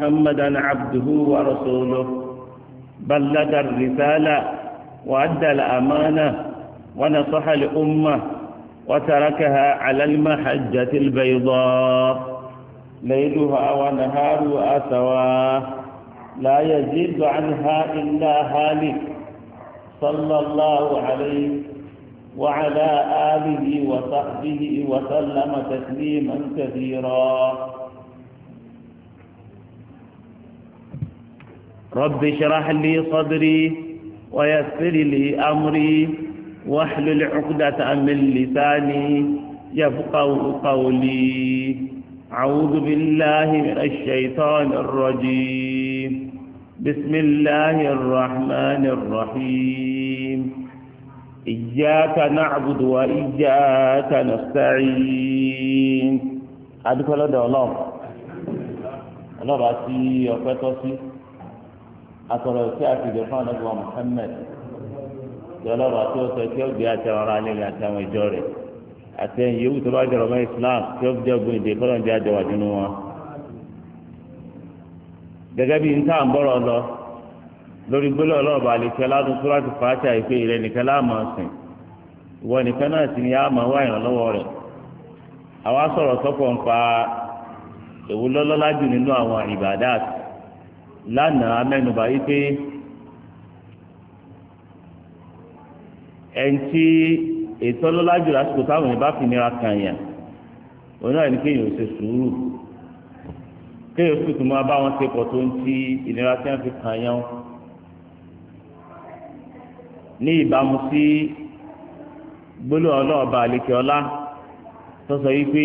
محمدا عبده ورسوله بلغ الرسالة وأدى الأمانة ونصح الأمة وتركها على المحجة البيضاء ليلها ونهارها سواه لا يزيد عنها إلا هالك صلى الله عليه وعلى آله وصحبه وسلم تسليما كثيرا رب اشرح لي صدري ويسر لي أمري واحلل عقدة من لساني يفقه قولي أعوذ بالله من الشيطان الرجيم بسم الله الرحمن الرحيم إياك نعبد وإياك نستعين أدخل الله الله أتي وفتوسي atọ̀rọ̀ tí a ti dẹ̀ fún anábìwá Muhammad jọlọ́rọ̀ àti ọ̀sẹ̀ tí ó gbé àtẹwọn ara nílẹ̀ àtàwọn ìjọ rẹ̀ àtẹ̀yìn yòówù tó bá jọrọ̀ mọ́ Islam tí ó jẹ́ ògbìn ìdè kọ́lọ́ jẹ́ àjọwà nínú wọn. gẹ́gẹ́ bí n táà ń bọ̀rọ̀ lọ lórí gbólọ̀ ọlọ́ọ̀bà àlèkẹ́ ládùn tó láti fàáṣà ìpè rẹ̀ nìkan láàmú ọ̀sìn ìwọ nìkan náà sì ni àmọ́ wá ìrànlọ́wọ́ rẹ̀ àwa sọ̀rọ̀ sọ́kọ̀ ń pa jù nínú àwọn ìbàdàtì lánàá mẹ́nubà yìí pé ẹni tí ètò ọlọ́lá jù lásìkò táwọn èèyàn bá fi nira kàn yàn òun náà ní kéèyàn ò ṣe sùúrù kéèyàn sì tún máa bá wọn ṣe pọ̀ tó ń ti ìnira tí wọ́n fi kàn yàn ní ìbámu sí gbólóhùn ọlọ́ọ̀ba àlekè ọlá tó sọ yìí pé.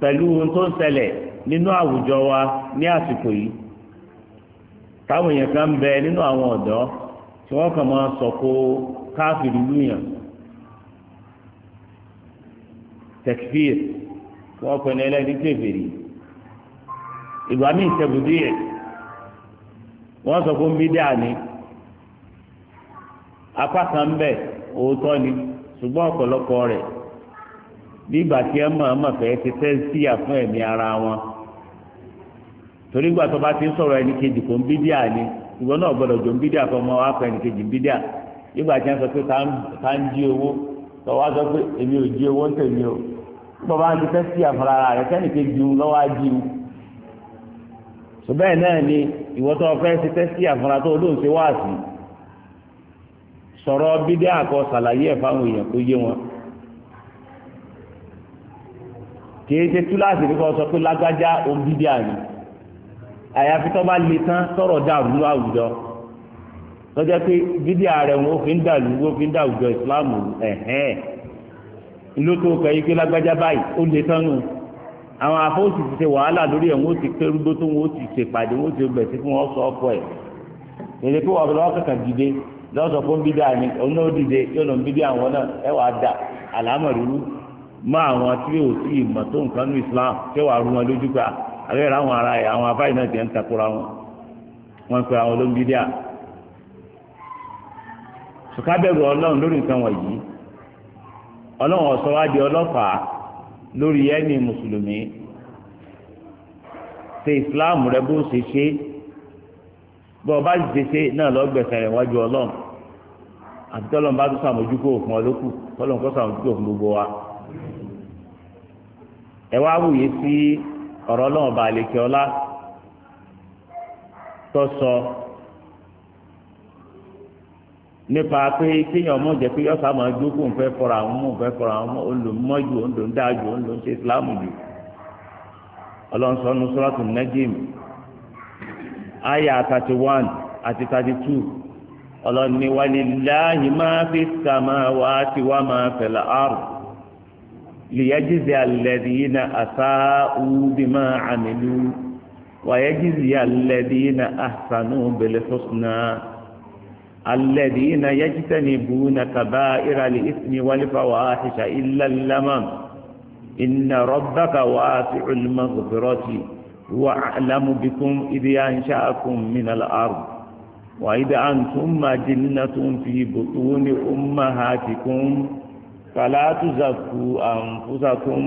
pẹ̀lú ohun tó ń sẹlẹ̀ nínú àwùjọ wa ní àsìkò yìí táwọn èèyàn kan nínú àwọn ọ̀dọ́ tí wọ́n kàn máa sọ̀kò káfíìrì lùyàn tẹkfíìr wọ́n pè ní ẹlẹ́ni kèfèrí ìgbà míì wọ́n sọ fún bídà ni apá kan bẹ òótọ́ ni ṣùgbọ́n ọ̀pọ̀lọpọ̀ rẹ̀ bí tí ẹ ọmọ fẹ́ ti fẹ́ síyà fún ẹ̀mí ara wọn torí ìgbà tó bá ti ń sọ̀rọ̀ ẹni kejì kò ń bídíà ni ìwọ náà gbọ́dọ̀ jò ń bídíà fún ọmọ wa kọ ẹni kejì ń bídíà ìgbà tí wọ́n sọ pé ká ń jí owó tó wá sọ pé èmi ò jí owó ń tèmi o gbọ́ bá ti fẹ́ síyà fún ara rẹ̀ sẹ́ni kejì ń lọ́wọ́ ají o ṣùgbọ́n náà ni ìwọ tó fẹ́ ti fẹ́ síyà fún ara tó olóhùn ṣe wáàsì sọ̀rọ̀ bídíà kọ kìí ṣe túláàsì nípa sọ pé lágbájá òbídì àná àyàfi tó bá le tán sọ̀rọ̀ dàrú àwùjọ tọ́jà pé bídì ààrẹ wọn ò fi ń dàlú wọn fi ń dà ìsìláàmù ẹ̀hẹ́n ìlú tó kẹ́ pé lágbájá báyìí ó le tán nù àwọn afọ́sì ti ṣe wàhálà lórí ẹ̀ wọ́n ti wọ́n sọ ọkọ ẹ̀ èdè pé kàkà dìde lọ́sọ̀ fún yóò lọ àwọn náà mọ́ àwọn tí yóò sí ìmọ̀ tó nǹkan ní Islam tí wàá rú wọn lójú pé àbẹ́rẹ́ àwọn ará ẹ̀ àwọn afáì náà ti ń takora wọn wọn pe àwọn olóńgbé díà sùkábẹ̀rù ọlọ́run lórí nǹkan wọ̀nyí ọlọ́run ọ̀sọ́ wá di ọlọ́fàá lórí ẹni mùsùlùmí ṣe Islam rẹ bó ṣe ṣe bọ́ ọ bá ṣe ṣe náà lọ́ọ́ gbẹ̀sẹ̀ rẹ̀ wájú ọlọ́run àti tọ́lọ́n bá tún sàmójúkò fún ọlọ́kù tọ́lọ́n kọ́ sàmójúkò fún gbogbo wa ẹ wá wòye sí ọ̀rọ̀ ọlọ́run ọba àlekè ọlá tó sọ nípa pé kéèyàn ọmọ jẹ pé yọsà máa jókòó ń fẹ́ fọra àwọn ọmọ ń fẹ́ fọra àwọn ọmọ olùmọjú olùdájú olùṣe islámù jù ọlọ́nsọ́nù sọ́ràtù nẹ́gìm àyà thirty one àti thirty two ọlọ́ni wàlíláhi máa fi sàmà wá tiwá máa fẹ̀lẹ̀ àrùn. ليجزي الذين أساءوا بما عملوا ويجزي الذين أحسنوا بالحسنى الذين يجتنبون كبائر الإثم والفواحش إلا اللمم إن ربك واسع المغفرة هو أعلم بكم إذ أنشأكم من الأرض وإذ أنتم جنة في بطون أمهاتكم fàlà tùzàkù àǹfùsàkùn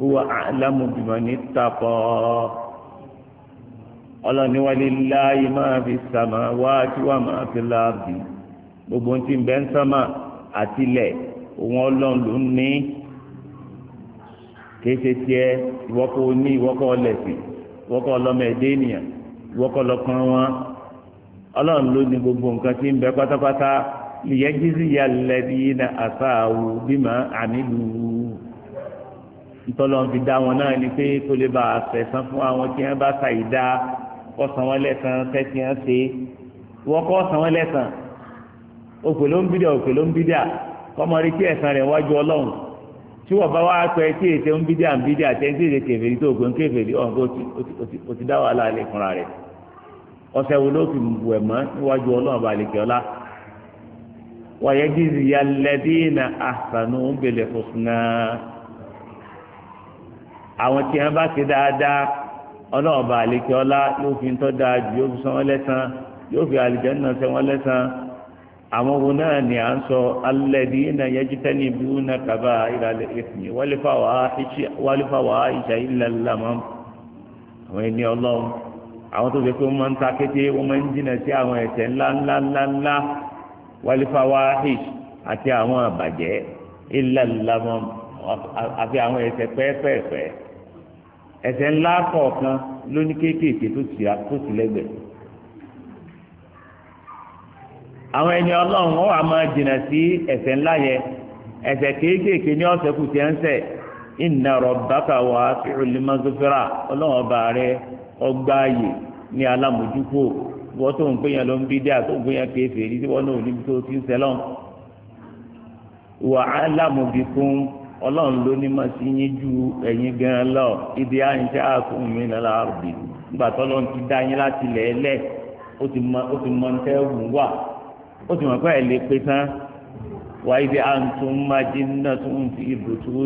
huwa a'lamu bimani ttaqa ọlọ́ni walillahi máa fi sàmà wá tí wà máa fi láàbì gbogbo ń ti bẹ́ ń sàmà àtìlẹ̀ òun ọlọ́run ló ń ní kìí ṣe ìwọ́kọ̀ oní ìwọ́kọ̀ ọlẹ́sìn ìwọ́kọ̀ ọlọ́mọ ènìyàn ìwọ́kọ̀ ọlọ́kan wọn ọlọ́run ló ní gbogbo nǹkan tí ń bẹ pátápátá lìyẹ́jísí ya lẹ́bí na àfáàwò bímọ àmìlú ntọ́lọ́n fi dá wọn náà ni pé tó lè bá a fẹ̀sán fún àwọn tí wọ́n bá ta ìdá kọ́sàn wọn lẹ́sàn tẹ́tí wọn ṣe wọ́n kọ́sàn wọn lẹ́sàn òkè ló ń bídà òkè ló ń bídà kọ́mọrí kí ẹ̀sán rẹ̀ wájú ọlọ́run tí wọ́n bá wá pẹ́ tí ètè ń bídà ń bídà tẹ́tí ètè kèfèrí tó òkè ń kèfèrí ọ̀hún kó ti dá wàhálà lẹ́kùnra rẹ̀ ọ̀sẹ̀ wo ló fi bù mọ́ níwájú ọlọ́run bá lè kẹ́ ọlá ويجزي الذين أحسنوا بالحسنى àwọn tí wọn bá ti dáadáa ọlọ́ọ̀bà àlekè ọlá yóò fi ń tọ́ dáa jù yóò fi san wọ́n lẹ́san yóò fi àlìjẹ́ náà sẹ́ wọ́n lẹ́san àwọn ohun náà ni à ń sọ alẹ́dí iná tẹ́ni bí wọn náà kaba ìrànlẹ́ ìfìyẹ wálífà wàá ìṣà ilẹ̀ lamọ́ àwọn ẹni ọlọ́run àwọn tó fi pé wọ́n máa ń ta kété wọ́n máa ń jìnà sí àwọn ẹ̀ṣẹ̀ ńláńláńláńlá walifawahish àti àwọn àbàjẹ́ ìlàlámọ́ àfi àwọn ẹ̀ṣẹ̀ pẹ́ẹ́pẹ́ẹ́pẹ́ ẹsẹ ńlá kọ̀ọ̀kan lóní kéékèèké tó ti lẹ́gbẹ̀ẹ́ àwọn ẹni ọlọ́run wọn wà jìnnà sí ẹsẹ ńlá yẹn ẹ̀ṣẹ̀ kéékèèké ní ọ̀sẹ̀ kù tí ẹ ń ọgbà ààyè ní wọ́n tó ń gbéyàn ló ń bí tó ń gbéyàn kéé fèrè tí wọ́n náà níbi tó ti ń wà á fún ọlọ́run ló ní máa ti yín ju ẹ̀yin gan lọ ibi àyìnṣẹ́ àkùn mi lọ́la àrùbí nígbà tó ti dá láti ó ti mọ wà ó ti mọ̀ pé ẹ̀ tán wà máa jí ní máa fún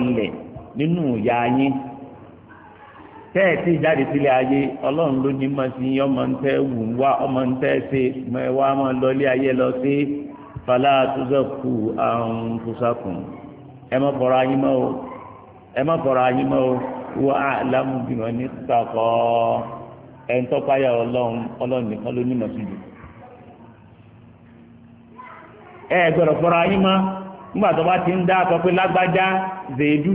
un bẹ́ẹ̀ tẹ́ tii jáde sílé ayé ọlọ́run ló ní máa ti yín ọmọ ń wù ń wá ọmọ ń ṣe lọ ayé lọ sí fàlà àtúnṣekù àrùn fúnṣakùn ẹ má mọ́ o ẹ má mọ́ o wọ́n á ní ń tọ́páyà ọlọ́run ọlọ́run nìkan ti ń dá akọ pé lágbájá zèédù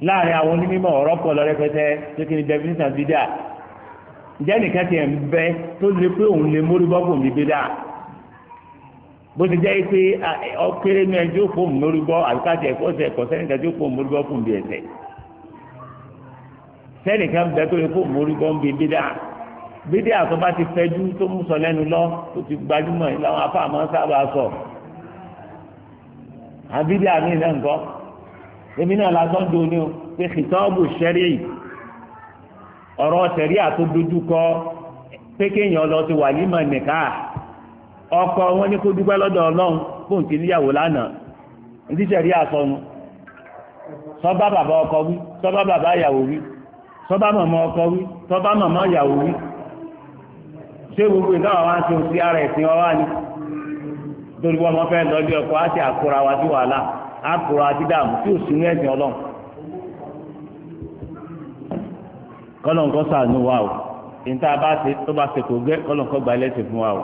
láàrin àwọn onímọ̀ ọ̀rọ̀ pọ̀ lọ rẹpẹtẹ tó kí ni definition bídà ǹjẹ́ nìkan ti ẹ̀ ń bẹ tó lè pé òun lè mórí bọ́ fòmí bídà bó ti jẹ́ pé ọkéré ní ẹjọ́ fòm mórí bọ́ àbíkájẹ ẹ̀kọ́sẹ̀ ẹ̀kọ́sẹ́ nìkan tó fòm mórí bọ́ fòm bí ẹ̀sẹ̀ sẹ́nìkan bẹ tó lè fòm mórí bọ́ ń bí bídà bídà tó bá ti fẹjú tó mú sọ lẹ́nu lọ tó ti gbajúmọ̀ ìlànà afáàmọ́ sábà sọ àbídà mi náà nǹkan èmi náà lásán do ni o pé kìtọ́ọ̀bù ṣẹ́rí ọ̀rọ̀ ṣẹ̀rí àtòdójúkọ pé kéèyàn lọ sí wàlímọ̀ nìka ọkọ wọn ní kó dúpẹ́ lọ́dọ̀ ọlọ́run fóun ti níyàwó lánàá ní ti ṣẹ̀rí àsọnu sọba bàbá ọkọ wí sọba bàbá ìyàwó wí sọba màmá ọkọ wí sọba màmá ìyàwó wí ṣé gbogbo ìdáwà wá ń ṣe òsì ara ẹ̀sìn ọwá ni torí wọn fẹ́ lọ bí ọkọ á ti àkóra sí wàhálà àkùrọ àdídàmú tí ò sí ní ẹ̀sìn ọlọ́run kọ́lọ́nkọ́ sàánú wa o níta bá ṣe tó bá ṣe kò gẹ́ kọ́lọ́nkọ́ gba ẹlẹ́sìn fún wa o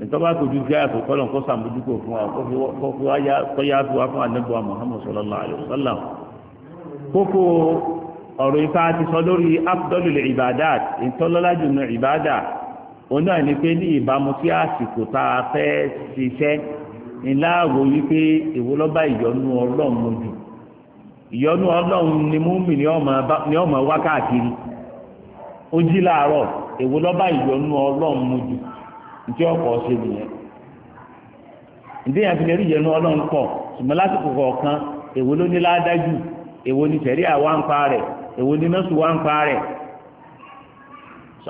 níta bá kojú sí àyàfó kọ́lọ́nkọ́ sàmójúkò fún wa o kó fi wáyà kọ́yà fún wa fún anábọ̀ Muhammad sallallahu alaihi kókó ọ̀rọ̀ ìfà ti sọ lórí afdalul ibadat ìtọ́lọ́lájú nù ìbàdà òun náà ní pé ní ìbámu sí àsìkò tá a fẹ́ ṣiṣẹ́ ńlá wípé èwo ìyọnu ọlọ́run lójú ìyọnu ọlọ́run ni múmi ni ọmọ wá káàkiri ó jí láàárọ̀ ìyọnu ọlọ́run lójú ntí ọkọ̀ ṣe nìyẹn ìdíyàn fi lè rí ìyọnu ọlọ́run kọ̀ ṣùgbọ́n lásìkò kọ̀ọ̀kan èwo ló ní ládájú èwo sẹ̀rí àwa ń pa rẹ̀ èwo wa ń pa rẹ̀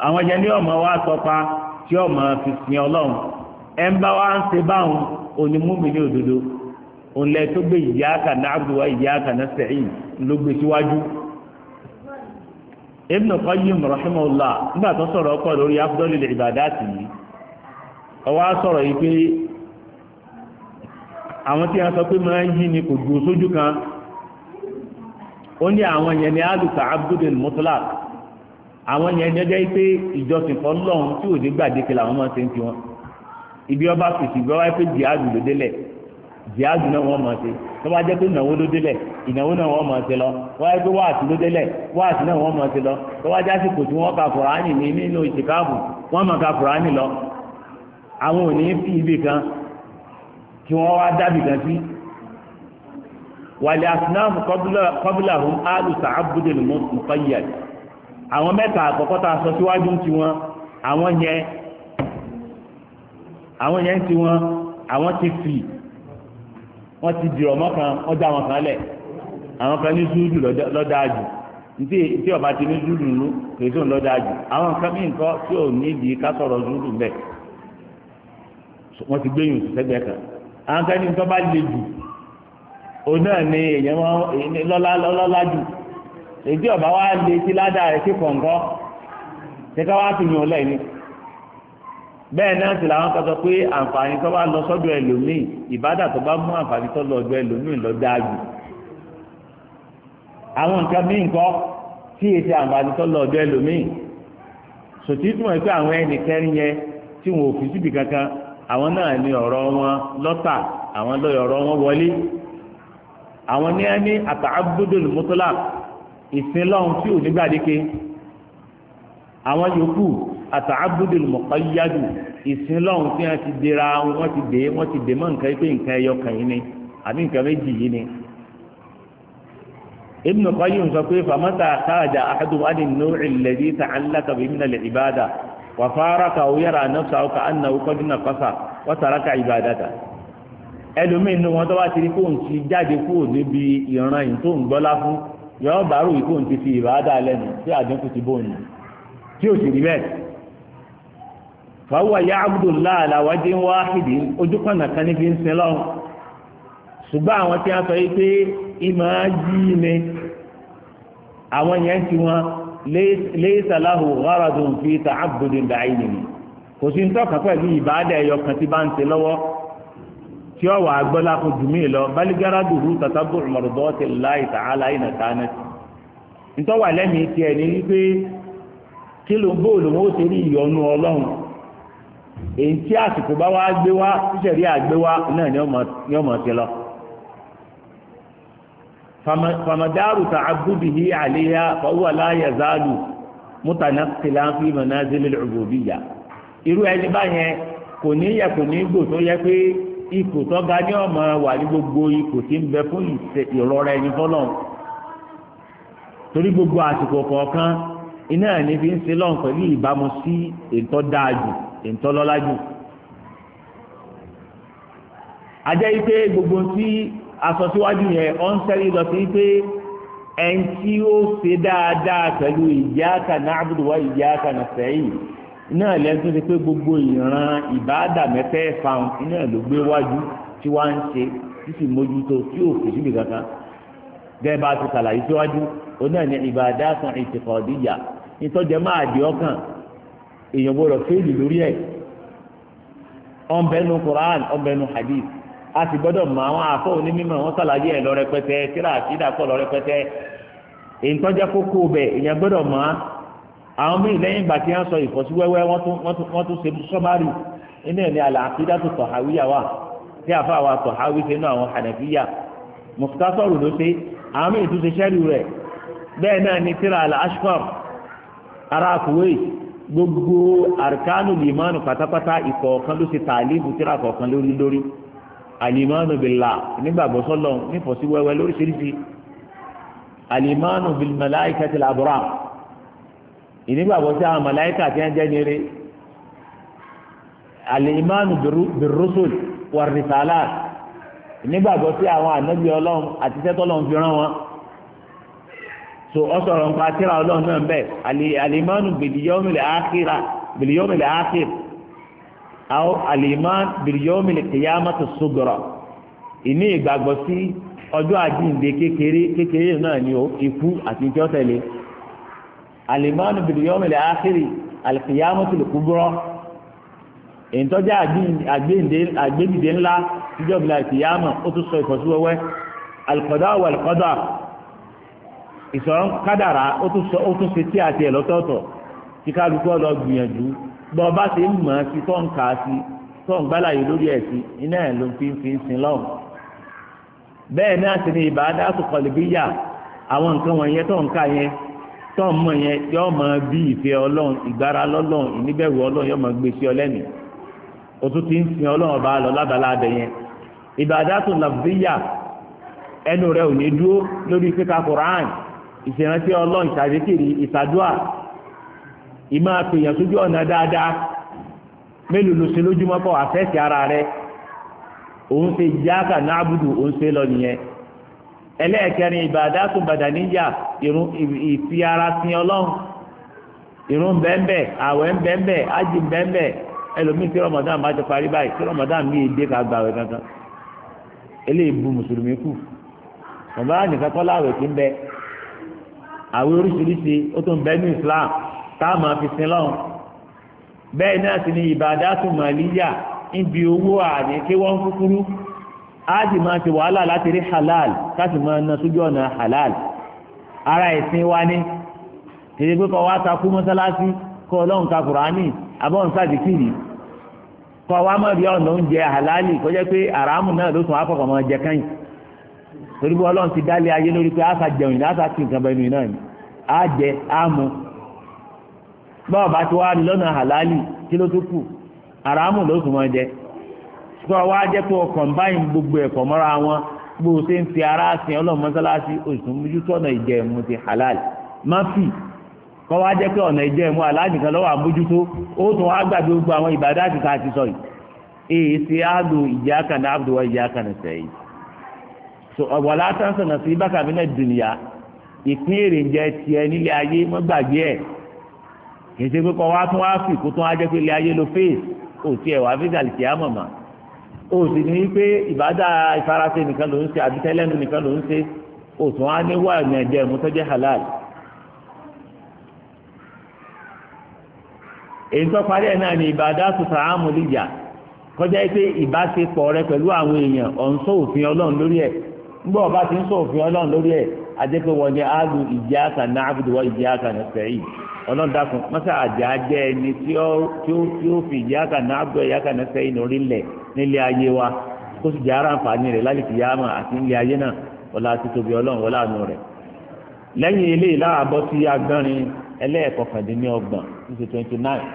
àwọn ní ọmọ wa tọpa onímúmi ní o dodo tó gbé iyaka na'budu wa iyaka nasta'in ló gbé síwájú Ibn Qayyim rahimahullah nígbà tó soro ọkọ̀ lori afdalil ibadati yìí ọwọ́ á sọ̀rọ̀ yìí pé àwọn awon a sọ pé máa ń yí ni kò dúró sójú kan ó ní àwọn ni alùpà abdulil mutlaq àwọn yẹn ni ọjọ́ pé ìjọsìn fọlọ́run tí ò ní gbàdéke làwọn ibi ọba fèsì ìgbà wáyé pé jihad ló délẹ̀ jihad náà wọ́n mọ̀ ṣe tó bá jẹ́ pé ìnáwó ló délẹ̀ ìnáwó náà wọ́n mọ̀ ṣe lọ wáyé pé wáàtí ló délẹ̀ wáàtí náà wọ́n mọ̀ ṣe lọ tó bá jẹ́ àsìkò tí wọ́n ka kùránì ní nínú ìṣèkáàbù wọ́n mọ̀ ka kùránì lọ àwọn ò fi ibì kan kí wọ́n wá dábì kan sí wàlẹ̀ asinamu kọ́bílà àwọn yẹn ti wọn àwọn ti fi wọ́n ti dìrọ̀ mọ́ kan wọ́n dá wọn kan lẹ̀ àwọn kan ní zúdù lọ́dáa jù ntí tí ọba ti ní zúdù nù kèésùn lọ́dáa jù àwọn kan mí nǹkan tí ò ní ìdí ká sọ̀rọ̀ zúdù mbẹ́ wọ́n ti gbé yùn sẹ́gbẹ́ kan àwọn kan ní nǹkan bá le jù òun náà ni èèyàn wọn lọ́lá lọ́lá jù èdè ọba wa le sí ládàá rẹ̀ sí kọ̀ǹkọ́ ṣé ká wá fi yàn ọ́ lẹ́yìn bẹ́ẹ̀ náà sì làwọn kan sọ pé àǹfààní tó bá lọ sọ́dọ̀ ẹlòmíì ìbádà tó bá mú àǹfààní tó lọ ọ̀dọ̀ ẹlòmíì lọ dáa jù àwọn nǹkan míì kọ́ tí èsì àǹfààní tó lọ ọ̀dọ̀ ẹlòmíì sòtí túmọ̀ pé àwọn ẹnì kẹrin yẹn tí wọn ò fi síbi kankan àwọn náà ní ọ̀rọ̀ wọn lọ́tà àwọn lọ́yọ̀ ọ̀rọ̀ wọn wọlé àwọn ní ẹni àtàbùdùn mọ́tòlá àtàbùdù mọ̀kànyádù ìsinlọ́hún tí wọ́n ti dira wọ́n ti dé wọ́n ti dé mọ́ nǹkan pé nǹkan ẹyọ kan yìí ni àbí nǹkan méjì yìí ni. Ibn Qayyim sọ pé famata káàjà ahadum adi nùrì lẹ́dí tàcálàkà bí mina lè wà fara ka o yàrá nafsa o ka anna o kọ́dúnà kọ́sà wà tara ka ibadata. ẹlòmíín ni wọn tó bá ti rí kóun ti jáde kúrò níbi ìran yìí tó ń gbọ́lá fún yọ̀ọ́ bàárù yìí kóun ti fi ìbáadà lẹ́nu tí àdínkù ti bóun ni tí ò sì rí bẹ́ẹ̀ fàáwà yá abdullah aláwájú wáhìdì ojúkọ̀nà kan níbi ń sin lọ́run ṣùgbọ́n àwọn tí a sọ yìí pé ìmọ̀ jí ni àwọn yẹn ti wọn léyìísà láhù gharadun fi ta'abbudin bi'aynihi kò sí ń tọ́ka pẹ̀lú ìbáàdà ẹ̀yọ kan tí bá ń ṣe lọ́wọ́ tí ó wà agbọ́lá fún jùmí lọ bálígárá dùrú tàtàbù mọ̀rọ̀dọ́tì láì tààlà ìnà tánà ntọ́wà lẹ́mìí tiẹ̀ ní wípé kí ló ń bóòlù wọn ó ṣe rí ìyọnu ọlọ́run èyí tí àsìkò bá wá gbé wá tíṣẹ̀rí àgbé wá náà ni ọmọ ti lọ. famadaru ta abudihi àléyá fọwọ́ láyé záàlù mútànà tìlánfì manazil al-ubudiyya irú ẹni báyẹn kò ní yẹ kò ní gbò tó yẹ pé ipò tó ga ní ọmọ wà ní gbogbo ipò tí ń bẹ fún ìrọ̀rẹ́ ẹni fọ́lọ́n torí gbogbo àsìkò kọ̀ọ̀kan iná ẹni fi ń ṣe lọ́n ìbámu sí ètò dáa jù ìtọ́lọ́lájú ajẹ́ ipé gbogbo tí aṣọ síwájú yẹn ọ ń sẹ́rí lọ sí pé ẹni tí ó ṣe dáadáa pẹ̀lú iyyaka na'budu wa iyyaka nasta'in náà lẹ́nu tó ṣe pé gbogbo ìran ìbáàdà mẹ́fẹ̀ẹ̀fà iná ló gbé wájú tí wá ń ṣe tí sì mójútó tí ò fi síbi kankan gẹ́gẹ́ bá a ti ṣàlàyé síwájú onáà ní ìbáàdà kan ìtìkọ̀ọ́díyà ìtọ́jẹ́ máa di ọkàn èèyàn gbọ́dọ̀ kéèdì lórí ẹ̀ ọ̀nbẹ́nu Quran ọ̀nbẹ́nu hadith a sì gbọ́dọ̀ mọ àwọn afọ onímọ̀ wọn sàlàyé ẹ̀ lọ rẹpẹtẹ tíra àtìdá pọ̀ lọ rẹpẹtẹ èyí tó jẹ́ kókó bẹ̀ èèyàn gbọ́dọ̀ mọ̀ àwọn míì lẹ́yìn ìgbà tí wọ́n sọ ìfọ́síwẹ́wẹ́ wọ́n tún ṣe sọ́márì iná ẹ̀ ní àlàáfíà tó tọ̀háwíyà wà tí àfa àwọn tọ̀háwí ṣe nú àwọn hànàfíyà mùsùlùmí ló ṣe àwọn míì tún ṣe ṣẹ́rù rẹ̀ bẹ́ẹ̀ náà ni tíra àlà ashkar ará kuwait gbogbo arkanu limanu pátápátá ìkọ̀ọ̀kan ló ṣe tààlífù tíra kọ̀ọ̀kan lórí lórí alimanu billah nígbàgbọ́ sọ́lọ́ nífọ̀sí wẹ́wẹ́ lóríṣiríṣi alimanu bil malaikati al abram ìnígbàgbọ́ sí àwọn màláíkà tí wọ́n jẹ́ nire alimanu bir rusul war risalat sí àwọn ànábì ọlọ́run àti sẹ́tọ́lọ́run fi rán wọn so ọsọrọ nǹkan àtìrà ọlọ́run náà bẹ́ẹ̀ alimanu bìlíọ́mìlì àkìrà bìlíọ́mìlì àkìr àwọn aliman bìlíọ́mìlì kìyàmàtò sọgọrọ ìní ìgbàgbọ́ sí ọjọ́ àjíǹde kékeré kékeré náà ni ó ikú àti ìjọ tẹ̀lé alimanu bìlíọ́mìlì àkìrì alikìyàmàtò kúbúrọ́ ìtọ́jà àgbéǹde ńlá ìjọba ìkìyàmà ó tún sọ ìfọ̀síwẹ́wẹ́ alikọ̀dá wà alikọ̀dá ìsọ̀rọ̀ kádàrá ó tún ṣe tí àti ẹ̀ lọ́tọ̀ọ̀tọ̀ tí kálukú ọ̀lọ́ gbìyànjú bọ́ ọba ṣe ń mọ̀ ọ́ sí tó ń kà á sí tó ń gbálàyé lórí ẹ̀ sí iná ẹ̀ ló fi ń fi ń sin lọ́hùn. bẹ́ẹ̀ náà sì ni ìbáadá tó kọlù bí yà àwọn nǹkan wọ̀nyẹn tó ń kà yẹn tó ń mọ̀ yẹn yọ́ mọ bí ìfẹ́ ọlọ́run ìgbára lọ́lọ́run ìníbẹ̀rù ẹnu rẹ ò ní dúró lórí kíka Kùránì ìṣèrántí ọlọ́run ìṣàdékèrè ìṣàdúà ìmọ̀ àpèyàn sójú ọ̀nà dáadáa mélòó ló ṣe lójúmọ́ pọ̀ àfẹ́sì ara rẹ òun ṣe jáàkà náàbùdù òun ṣe lọ nìyẹn ẹlẹ́ẹ̀kẹrin ìbàdá tó bàdà níyà ìfi ara sin ọlọ́run ìrun bẹ́ẹ̀nbẹ́ àwẹ̀ bẹ́ẹ̀nbẹ́ ájì bẹ́ẹ̀nbẹ́ ẹlòmíì tí rọmọdán bá ti parí báyìí tí rọmọdán mi èdè ká gba àwẹ̀ kankan eléyìí bu mùsùlùmí kù nìkan kọ́ láwẹ̀ ń bẹ́ẹ̀ àwẹ̀ oríṣiríṣi ó tún bẹ́ẹ̀ ní Islam táàmù àfisìn lọ́hùn bẹ́ẹ̀ náà sì ni ìbádátù màlíyà níbi owó àní kí wọ́n kúkúrú á sì máa ṣe wàhálà láti rí halal ká sì máa na sójú ọ̀nà halal ara ìsìn wa ni kìí pé kọ́ wá takú mọ́sálásí kọ́ ọlọ́run ka kùránì abọ́n sàdìkìrì kọ́ wá mọ̀ bí ọ̀nà oúnjẹ halali kọ́ pé àràmù náà ló tún á fọkàn mọ́ jẹ káyìn torí bí ọlọ́run ti dálé ayé lórí pé á sà jẹun ní sà kí nǹkan bẹ́ẹ̀ nù náà ni. Ajẹ, jẹ á mu bá ti wá rí lọ́nà halali kí ló tó kù àràmù ló tún jẹ sọ wá gbogbo ẹ̀kọ́ mọ́ra wọn bó o ṣe ń fi ara sin ọlọ́run mọ́sálásí oṣù mójútọ́nà ìjẹ̀mú ti halal má fì kọ́ wá jẹ́ pé ọ̀nà ìjẹ̀mú aláàjìkan lọ́wọ́ àmójútó ó tún wá gbàgbé gbogbo àwọn ìbàdàn àti ká ti sọ yìí èyí á lo ìpín èrè jẹ tiẹ̀ nílé ayé má gbàgbé ẹ̀ kì í ṣe pé kọ́ wá tún wá fì kó tún wá jẹ́ pé ilé ayé kò wá fi gàlìkì o sì ní pé ìbádà ìfarasẹ nìkan ló ń ṣe àbítẹ́lẹ́nu nìkan ló ń ṣe o tún wá ní wà ní ẹ̀jẹ̀ mú tó halal. èyí tó parí ẹ̀ náà ni ìbádà tuntun àmúlíjà kọjá pé ìbáṣepọ̀ rẹ pẹ̀lú àwọn èèyàn ọ̀ sọ òfin ọlọ́run lórí ẹ̀ ńgbọ́ ọba ti ń sọ òfin ọlọ́run lórí ẹ̀ ajẹ́pẹ́ wọn ni alu iyyaka na'budu wa iyyaka nasta'in ọlọ́dàkùn mọ́sá àjà jẹ́ ẹni tí ó fi iyyaka na'budu wa iyyaka nasta'in orílẹ̀ nílé ayé wa kó sì jẹ́ ara àǹfààní rẹ̀ lálẹ́ kìyàmà àti nílé ayé náà wọlá ti tóbi ọlọ́run wọlá àánú rẹ̀ lẹ́yìn eléyìí láàbọ̀ sí agbọ́nrin ẹlẹ́ẹ̀kọkàndínlọ́gbọ̀n ní ṣe twenty nine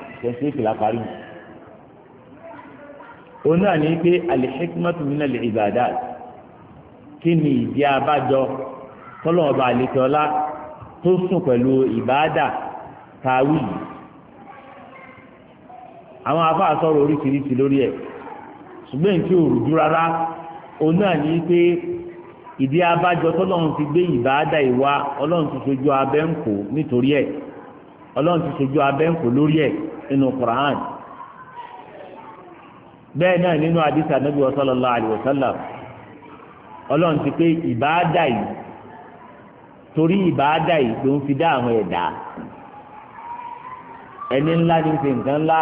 twenty eight tọ́lọ̀ ọba àlejò ọlá tó sùn pẹ̀lú ìbáàdà tàwí yìí àwọn afáà sọ̀rọ̀ oríṣiríṣi lórí ẹ̀ ṣùgbọ́n tí ò rújú rárá òun náà ní pé ìdí abájọ tọ́lọ́run ti gbé ìbáàdà ìwà ọlọ́run ti sojú abẹ́ ń kó nítorí ẹ̀ ọlọ́run ti sojú abẹ́ ń kó lórí ẹ̀ nínú Qur'an bẹ́ẹ̀ náà nínú sallallahu torí ìbáadà yìí ló ń fi dá àwọn ẹ̀dá ẹni ńlá ní ṣe nǹkan ńlá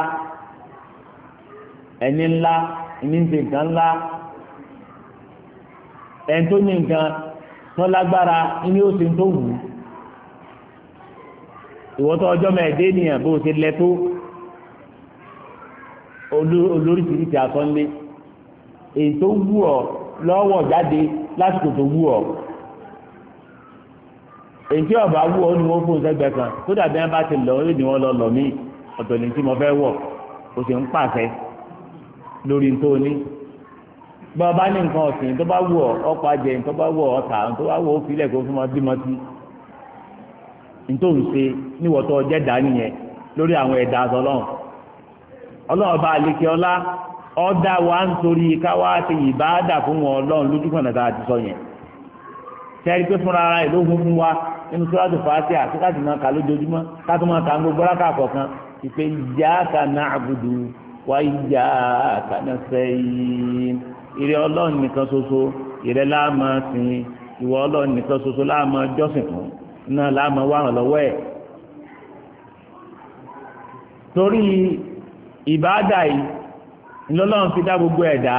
ẹni ńlá ní ṣe nǹkan ńlá ẹni tó ní nǹkan tó lágbára ní ó ṣe tó wù ú ìwọ́tọ̀ ọjọ́ mẹ́ẹ̀dé nìyẹn bó ṣe lẹ tó olóríṣiríṣi asọ́nlé èyí tó wù ọ́ lọ́wọ́ jáde lásìkò tó wù ọ́ èyí ọba wú ọ ni wọ́n fún sẹ́gbẹ́ kan tó dàbí ẹ bá ti lọ ó ní wọ́n lọ lọ mí ọ̀tọ̀ ní tí mo fẹ́ wọ̀ o sì ń pàṣẹ lórí tó ní bá ọba ní nǹkan ọ̀sìn tó bá wù ọ ọkọ̀ ajẹ tó bá wù ọ ọ̀tà tó bá wù ọ òfìlẹ̀ kó fún ọ bímọ sí nítorí ṣe níwọ̀tọ̀ ọjẹ́ dání yẹn lórí àwọn ẹ̀dá ọlọ́run ọlọ́run bá àlekè ọlá ọ̀dà wa ń torí káwá ti ìbáàdà fún wọn ọlọ́run lójúkọ̀nà tá a ti sọ yẹn tẹ́rí pé fúnra ara ìlú fún wa nínú sọ́wọ́tò fàáṣì àti káàtì máa kà lójoojúmọ́ káàtì máa kà ń gbogbo rákà kọ̀ọ̀kan ìpè iyyaka na'budu wa iyyaka nasta'in ìrẹ́ ọlọ́run nìkan ṣoṣo ìrẹ́ láàmú sin ìwọ ọlọ́run nìkan ṣoṣo láàmú jọ́sìn fún náà láàmú wàhàn lọ́wọ́ ẹ̀. torí ìbáàdà yìí ńlọ́lọ́run fi dá gbogbo ẹ̀dá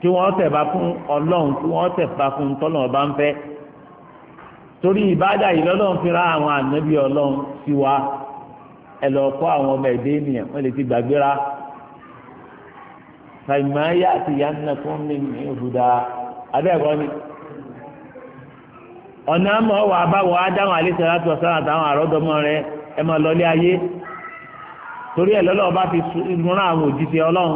kí wọ́n tẹ̀ bá fún ọlọ́run kí wọ́n tẹ̀ bá fún tọ́lọ́run torí ìbádà yìí lọ́lọ́run fi ra àwọn ànábì ọlọ́run sí wa ẹ lọ kọ́ àwọn ọmọ ẹ̀dẹ́ ènìyàn wọ́n lè ti gbàgbéra fàìmáyà àti ìyánnà tó ń lè ní ìhùdà abẹ́ẹ̀kọ́ ni ọ̀nà àmọ́ wà báwọ̀ ádámọ̀ àlẹ́sẹ̀ láti ọ̀sán àtàwọn àrọ́dọ́mọ́ rẹ ẹ máa lọlé ayé torí ẹ̀ lọ́lọ́run bá fi múra àwọn òjíṣẹ́ ọlọ́run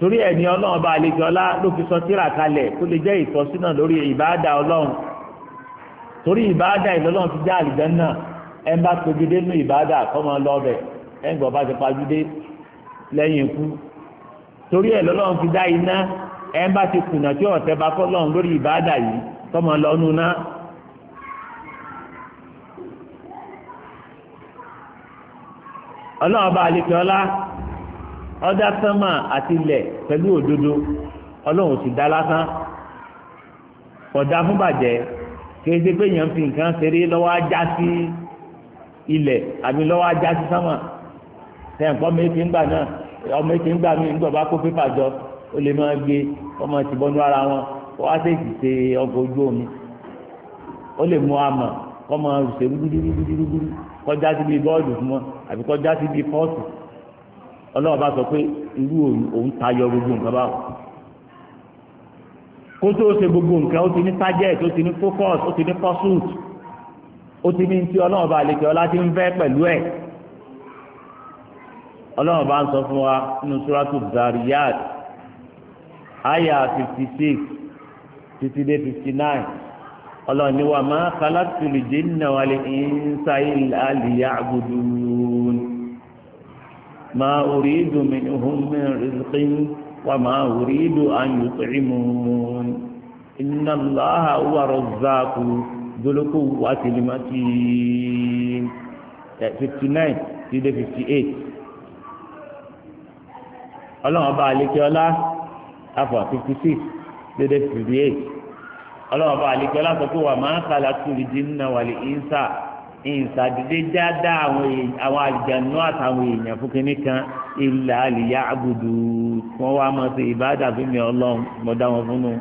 torí ẹ̀ ní ọlọ́run bá àlejò ọlá ló fi sọ tírà kalẹ̀ kó lè jẹ́ ìtọ́sínà lórí ìbáàdà ọlọ́run torí ìbáadà ìlọ́lọ́run ti já àlìjẹ́nà ẹ bá pegedé nínú ìbáadà kọ́mọ lọ́bẹ̀ ẹ gbọ́ bá ti pajúdé lẹ́yìn ikú torí ẹ̀ lọ́lọ́run ti dá iná ẹ bá ti kùnà tí ọ̀tẹ́ bá lórí ìbáadà yìí kọ́mọ náà. kéde pé èèyàn fi nǹkan ṣeré lọ́wọ́ ajá sí ilẹ̀ àbí lọ́wọ́ ajá sí sánmà tẹ̀ǹkọ́ méjì ń gbà náà ọmọ ètò ńgbà mí ńgbà bá kó pépà jọ ó lè máa gbé ọmọ ti bọ́nú ara wọn ó wá sí ìṣe ọkọ̀ ojú omi ó lè mú amọ̀ kọ́ máa ṣe rúdúrúdúrúdúrú kọjá síbi bọ́ọ̀lù fún wọn àbí kọjá síbi fọ́ọ̀sì ọlọ́wọ́ bá sọ pé irú òun tayọ gbogbo nǹkan báwọn kó tó ṣe gbogbo nǹkan ó ti ní target ó ti ní focus ó ti ní pursuit ó ti ní ti ọlọ́run bá àlejò ọlá ti ń fẹ́ pẹ̀lú ẹ̀ ọlọ́run bá ń sọ fún wa nínú suratu Zariyat aya fifty six títí dé fifty nine ọlọ́run ní wa ma khalaqtul jinna wal insa illa liya'budun ma uridu minhum min rizqin. وما أريد أن يطعمون إن الله هو الرزاق ذو القوة المتين 59 to 58 ọlọ́run ọba àlekẹ́ọ́lá afọ 56 to 58 ọlọ́run ọba àlekẹ́ọ́lá sọ pé wà máa ń kàlà tó lè dín náà wà lè ìnsà ìnsà dídé dáadáa àwọn àlìjànú àtàwọn èèyàn fún kínní kan ilà àlìyá àbùdù wọn wá máa ṣe ìbáàdà fún mi ọlọ́run mo dá wọn fún un.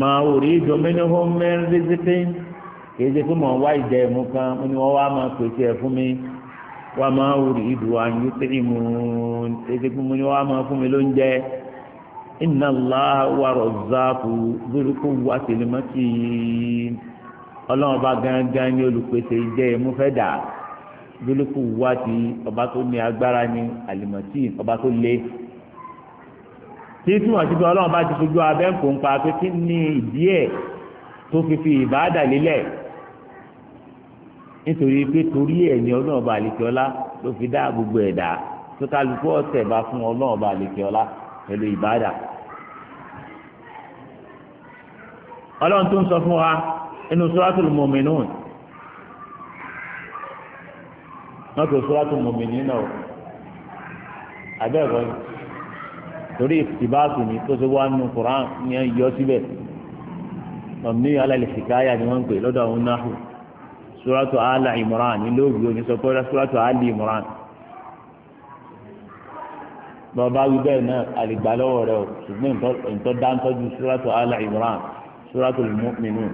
màá ò rí domínú fún mẹ́rin dídípé kì í ṣe fún mọ̀ wá ìjẹ́ ìmú kan ó ní wọ́n wá máa pèsè ẹ̀ fún mi wọ́n máa ò rí ìdù àyùn tẹ́lẹ̀ mú kì í ṣe fún mi ni wọ́n wá máa fún mi lóúnjẹ. inna Allah wa razzaqu dhul quwwatil matin ọlọ́run bá gangan ní olùpèsè ìjẹ́ ìmú fẹ́ dà dólókù wá ti ọba tó ní agbára ní àlìmọ̀tì ọba tó lé tí túmọ̀ sí pé ọlọ́run bá ti fojú abẹ́ ń kó ń pa pé kí ni ìdí ẹ̀ tó fi fi ìbáàdà lélẹ̀ nítorí pé torí ẹ̀ ní ọlọ́run bá àlèkè ọlá ló fi dá gbogbo ẹ̀dá tó kálukú ọ̀sẹ̀ bá fún ọlọ́run bá àlèkè ọlá pẹ̀lú ìbáàdà. ọlọ́run tó ń sọ fún wa inú Suratul Mu'minun wọ́n tó sọ́ràtò mọ̀mìnì náà abẹ́ẹ̀kọ́ torí ìtìbáàtù ni tó ṣe wá nù Qur'an ní yọ síbẹ̀ mọ̀mìnì alẹ́ fìkáyà ni wọ́n ń pè lọ́dọ̀ àwọn náà sọ́ràtò àlà Imran ní lóògì òní sọ pé sọ́ràtò àlì Imran bọ́ọ̀bá wí bẹ́ẹ̀ náà àlìgbà lọ́wọ́ rẹ̀ ṣùgbọ́n ìtọ́ dáńtọ́jú sọ́ràtò àlà Imran sọ́ràtò Mu'minun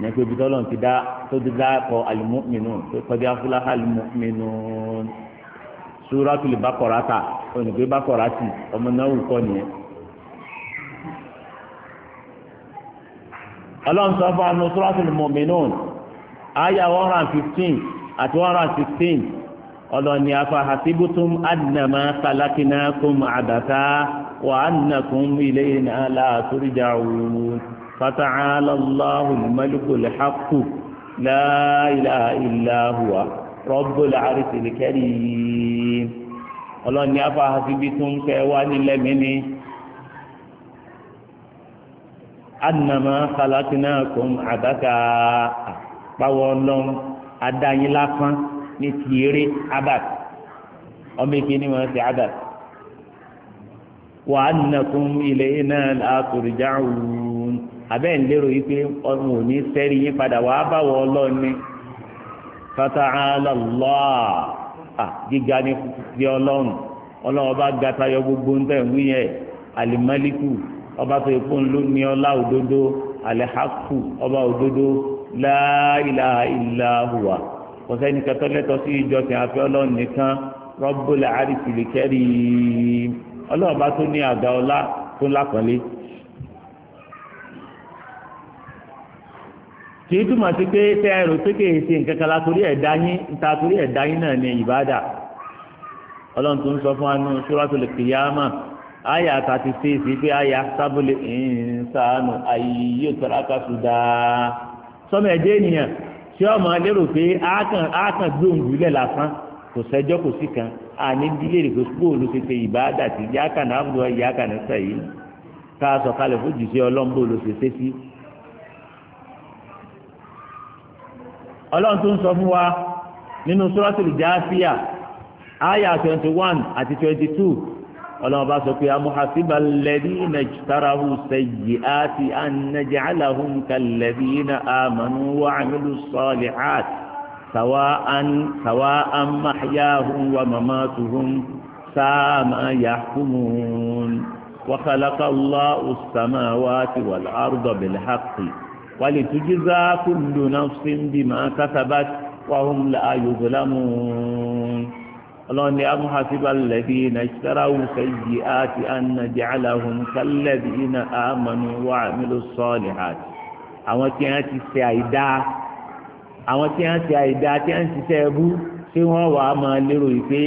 ìyẹn pé ibi tọ́lọ́ ti dá tó ti dá kọ alimọ́mìnú tó kọjá fúláhà alimọ́mìnú súrátùlù bákọ̀rá ta onígbé bákọ̀rá tì ọmọ náà wù kọ́ nìyẹn. ọlọ́run sọ fún anu súrátùlù mọ̀mìnú àyà one hundred fifteen àti one hundred and sixteen ọlọ́ni afahasibutum annama salakinakum abata wa annakum ilayna la turja'un. فتعالى الله الملك الحق لا إله إلا هو رب العرش الكريم ọlọ́run ní afahasibitum kẹwàá nílẹ̀ mímí annama khalaqnakum àdáka àpáwọ̀ ọlọ́run adáyín lásán ní tiere abat ọmọ èké ni wọ́n ti abat wa annakum ilayna la turja'un. abẹ́ ń lérò yìí pé ọmọ ò ní sẹ́rí yín padà wàá báwọ̀ ọlọ́run ní fata'ala gíga ní fi ọlọ́run ọlọ́run ọba gàtayọ gbogbo ń tẹ̀ wí yẹn alimaliku ọba tó epo ńlọ ní ọlá òdodo alihaku ọba òdodo la ilaha illa huwa kọsẹ́ni kẹtọ́lẹ́tọ́ sí ìjọsìn àfi ọlọ́run nìkan Rabbul arshil karim ọlọ́run bá tó ní àga ọlá tó lápọ̀lé. kì í túmọ̀ sí pé tẹ́ ẹ rò pé kì í ṣe nǹkan kan látorí ẹ̀dá yín níta torí ẹ̀dá yín náà ní ìbádà ọlọ́run tó ń sọ fún anú Suratul Qiyamah àyà àtàtì sí sí pé àyà sábòlè ìǹsàánù àyè tọ́lákà sùdà sọmọ ẹ̀dẹ́ ènìyàn tí ọmọ lérò pé àákàn gbòǹgbò ilẹ̀ lásán kò sẹ́jọ́ kò sí kan àní dílé rẹ̀ kò spóòlù tètè ìbádà tí yákànnà àbúrò ọlọ́run tó ń sọ fún wa nínú suratul jáfíà àyà twenty one àti twenty two ọlọ́run bá sọ pé amuhasiba alladhina ijtarahu sayyi'ati an naj'alahum kalladhina amanu wa 'amilus salihat sawa'an sawa'an mahyahum wa mamatuhum sa'a ma yahkumun wa khalaqa Allahu as-samawati wal arda bil haqqi walitujza kullu nafsin bima kasabat wa hum la yuzlamun ọlọ́ni amúhasíbà lẹ́bí iná ṣẹ́ráwù fẹ́yì àti ànàjẹ́ aláhùn kálẹ̀bí iná àmọ́nù wà nílò sọ́ọ̀lì àti. àwọn tí wọ́n ti ṣe àìdá àwọn tí wọ́n ti àìdá tí wọ́n ti ṣe ẹbú tí wọ́n wà á máa lérò pé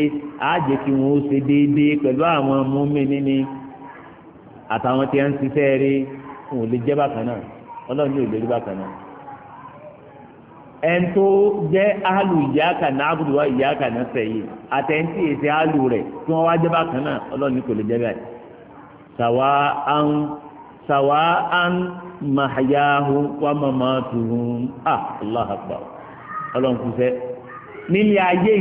á kí wọ́n ó ṣe déédéé pẹ̀lú àwọn múmi níní àtàwọn tí wọ́n ti ṣe rí wọn ò lè jẹ́ bákan náà. ọlọ́run ní ìlérí bákan náà ẹn tó jẹ́ áàlù iyyaka na'budu wa iyyaka nasta'in àtẹ̀ǹtì èsì áàlù rẹ tí wọ́n wá jẹ́ bákan náà ọlọ́run ní kò lè jẹ́ báyìí sawa'an ah, allah akbar ọlọ́run kú fẹ́ ayé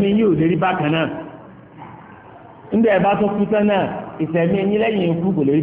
yìí lérí bákan náà ń bẹ́ẹ̀ bá tó kú yín lẹ́yìn ikú kò lérí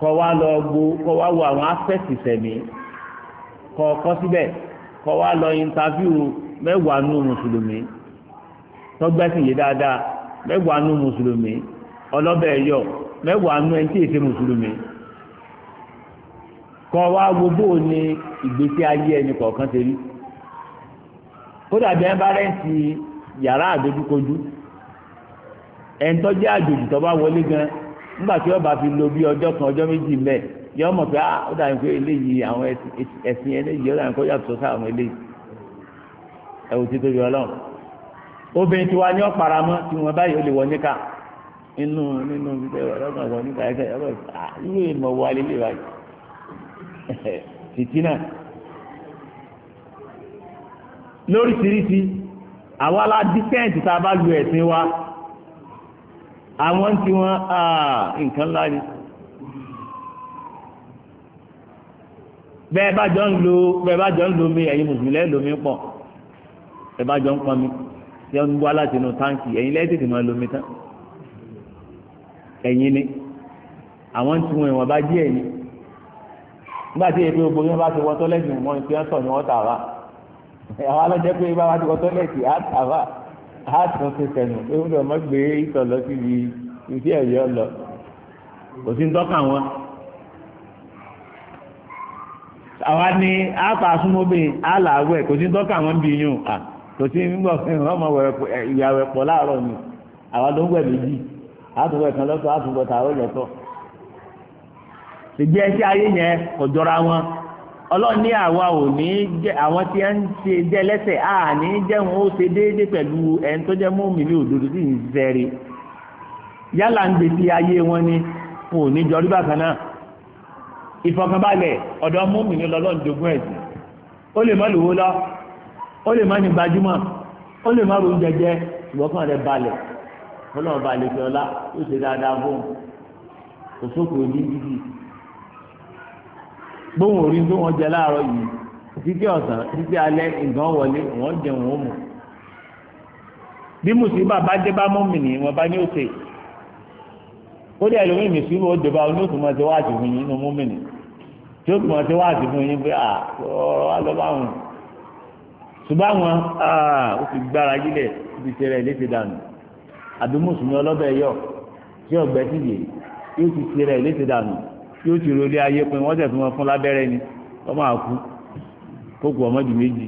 kọ́ wá lọ gbo kọ́ wá wo àwọn aspect sẹ̀mí kọ́ kọ́ síbẹ̀ kọ́ wá lọ interview mẹ́wàá nù mùsùlùmí tọ́gbẹ́sì yé dáadáa mẹ́wàá nù mùsùlùmí ọlọ́bẹ̀ yọ mẹ́wàá nù ẹni tí èsè mùsùlùmí kọ́ wá wo bó o ní ìgbésí ayé ẹni kọ̀ọ̀kan ṣe rí kódà bí ẹ bá rẹ́ǹtì yàrá àdójúkojú ẹ̀ńtọ́jẹ́ àjòjì tó bá wọlé gan-an nígbà tí ọba fi lo bí ọjọ́ kan ọjọ́ méjì mẹ́ yọ mọ̀ pé ah ó dàbí pé eléyìí àwọn ẹ̀sìn eléyìí ó dàbí pé yàtọ̀ sí àwọn eléyìí ẹ̀wù ti tóbi ọlọ́run obìnrin tí wàá ní ọ̀pára mọ́ tí wọ́n báyìí ó lè wọ níkà inú nínú ọlọ́gbọ̀n wọ níkà ẹ̀ka ẹ̀rọ ìlú ìmọ̀ wọ alẹ́ lè wáyé fìtínà lóríṣiríṣi àwa la dípẹ́ǹtì tá a bá lu ẹ̀sìn wa àwọn tí wọ́n nǹkan láre bẹ́ẹ̀ bá jọ ń lo bẹ́ẹ̀ bá jọ ń lo mi ẹ̀yin mùsùlùmí lẹ́ẹ̀ lo mi pọ̀ bẹ́ẹ̀ bá jọ ń pọn mi tí wọ́n ń wá láti inú táǹkì ẹ̀yin lẹ́ẹ̀ tètè máa lo mi tán ẹ̀yin ni àwọn tí wọ́n ìwọ̀n bá jí ẹ̀yin nígbà tí èdè ogbó yẹn bá ti wọ tọ́lẹ́tì wọn ìpín ọ̀tọ̀ ni wọ́n tà wá àwọn alọ́jẹ́ pé bá wá ti wọ tọ́lẹ́tì á tà wá àtún ti sẹnu pé wọn lọ mọ gbé ìtọ̀ lọ síbi ibi ẹ̀yọ́ lọ kò sí ń tọ́ka wọn. àwa ni àpá súnmọ́bìn aláàwẹ̀ kò sí ń tọ́ka wọn bí yún à kò sí ń gbọ́ fún ọmọ ìyàwó ẹ̀pọ̀ láàárọ̀ ni àwa ló ń wẹ̀ méjì àtúwẹ̀ kan lọ́tọ̀ àtúbọ̀tà ó lọ́tọ̀. ìgbésí ayé yẹn kò jọra wọn ọlọ́run ní àwa ò ní jẹ́ àwọn tí wọ́n ń ṣe jẹ́ lẹ́sẹ̀ á ní jẹun ó ṣe déédé pẹ̀lú ẹni tó jẹ́ mọ́mí ní òdodo sì ń zẹ́rẹ̀ yálà ń gbèsè ayé wọn ni wọn ò ní jọ rí bákan náà ìfọkànbalẹ̀ ọ̀dọ̀ mọ́mí ní lọ́lọ́run jogún ẹ̀sìn ó lè má lówó lọ ó lè má ní gbajúmọ̀ ó lè má ro oúnjẹ jẹ ìwọ́kàn rẹ̀ balẹ̀ ọlọ́run balẹ̀ fi ọlá ó ṣe dáadáa fún òṣòkò ní bíbí gbóhùn orí tó wọ́n jẹ láàárọ̀ yìí títí ọ̀sán títí alẹ́ nǹkan wọlé wọ́n jẹun ó mọ̀ bí mùsùlùmí bá dé bá mọ́mì ní wọn bá ní òsè ó dẹ̀ lómi mùsùlùmí ó dé bá wọn ní oṣù mọ́ ti wá àti fún yín nínú mọ́mì ní tí oṣù mọ́ ti wá àti fún yín pé à ọ̀rọ̀ wa ṣùgbọ́n ó fi gbára yílẹ̀ ibi tí rẹ̀ léṣe dànù àbí mùsùlùmí ọlọ́bẹ̀ yọ tí ọ̀gbẹ́ sì yè yóò ti ṣe rẹ̀ léṣe dànù yóò ti rọlé ayé pé wọ́n tẹ̀sí wọn fún lábẹ́rẹ́ ni wọ́n máa kú kókò ọmọdé méjì.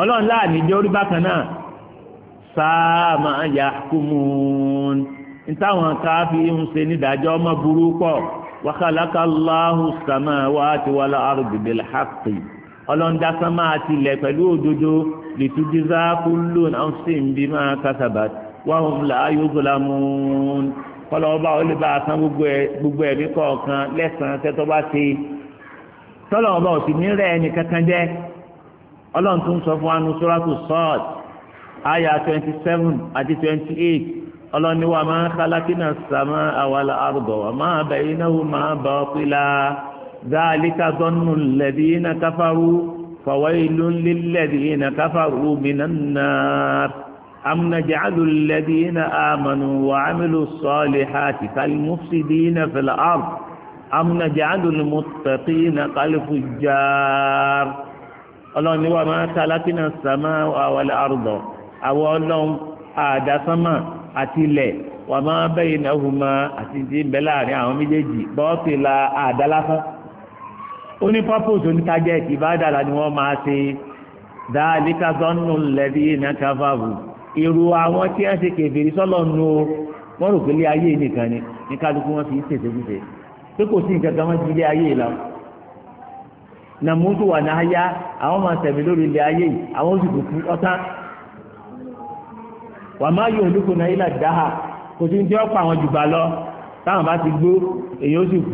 ọlọ́run láàánú jẹ́ orí bákan náà sáà máa yà kúmùún ntáwọn káfí ń ṣe nídàájọ́ ọmọ burú pọ̀ wàhálàkà Allahu samawati wal ardi bil haqqi ọlọ́ndásán máa tilẹ̀ pẹ̀lú òdodo lìtújíṣà kullu nafsin bima kasabat wa hum la yuzlamun kọlọ́wọ́ bá wọlé bá san gbogbo ẹ̀mí kọ̀ọ̀kan lẹ́sàn-án tẹ́tọ́ bá ṣe tọ́lọ́wọ́ bá òsì ní rẹ̀ ẹni kankan jẹ́ ọlọ́run tó ń sọ fún wa nu sóràtù sọ́ọ̀t àyà twenty seven àti twenty eight ọlọ́run ni wà máa ń kálákínà sàmà àwàlà àrùbọ̀ wà máa bẹ̀ ináwó máa bọ̀ pílà dáàlíkà zọ́nù lẹ́bí iná káfàrú fàwọ́ ìlú lílẹ̀bí iná káfàrú mìíràn náà. أم نجعل الذين آمنوا وعملوا الصالحات كالمفسدين في الأرض أم نجعل المتقين كالفجار ọlọ́run ni wà máa tàlákínà sàmà àwọlẹ̀ àrùdọ̀ àwọn ọlọ́run àdásánmà àti ilẹ̀ wà máa bẹ́yìn náà hùmà àti ti ń bẹ láàrin àwọn méjèèjì bọ́ọ̀sì la àdálásán ó ní purpose onítàjẹ́ ìbádàlà ni wọ́n máa ṣe dáadíkà zọ́nù lẹ́bí náà káfáàbù èrò àwọn tí wọ́n ṣe kèfèrí sọ́lọ̀ nù o wọ́n rò pé ilé ayé nìkan ni ní kálukú wọn fi ń ṣèṣekúṣe pé kò sí nǹkan kan wọ́n ti ilé ayé la nàmúdù wà náà yá àwọn máa tẹ̀mí lórí ilé ayé yìí àwọn oṣù kùkú ọ̀tá wà má yọ olùkọ́ náà ilà dáhà kò sí ní tí wọ́n pa àwọn jùbà lọ táwọn bá ti gbó èyí ó sì kú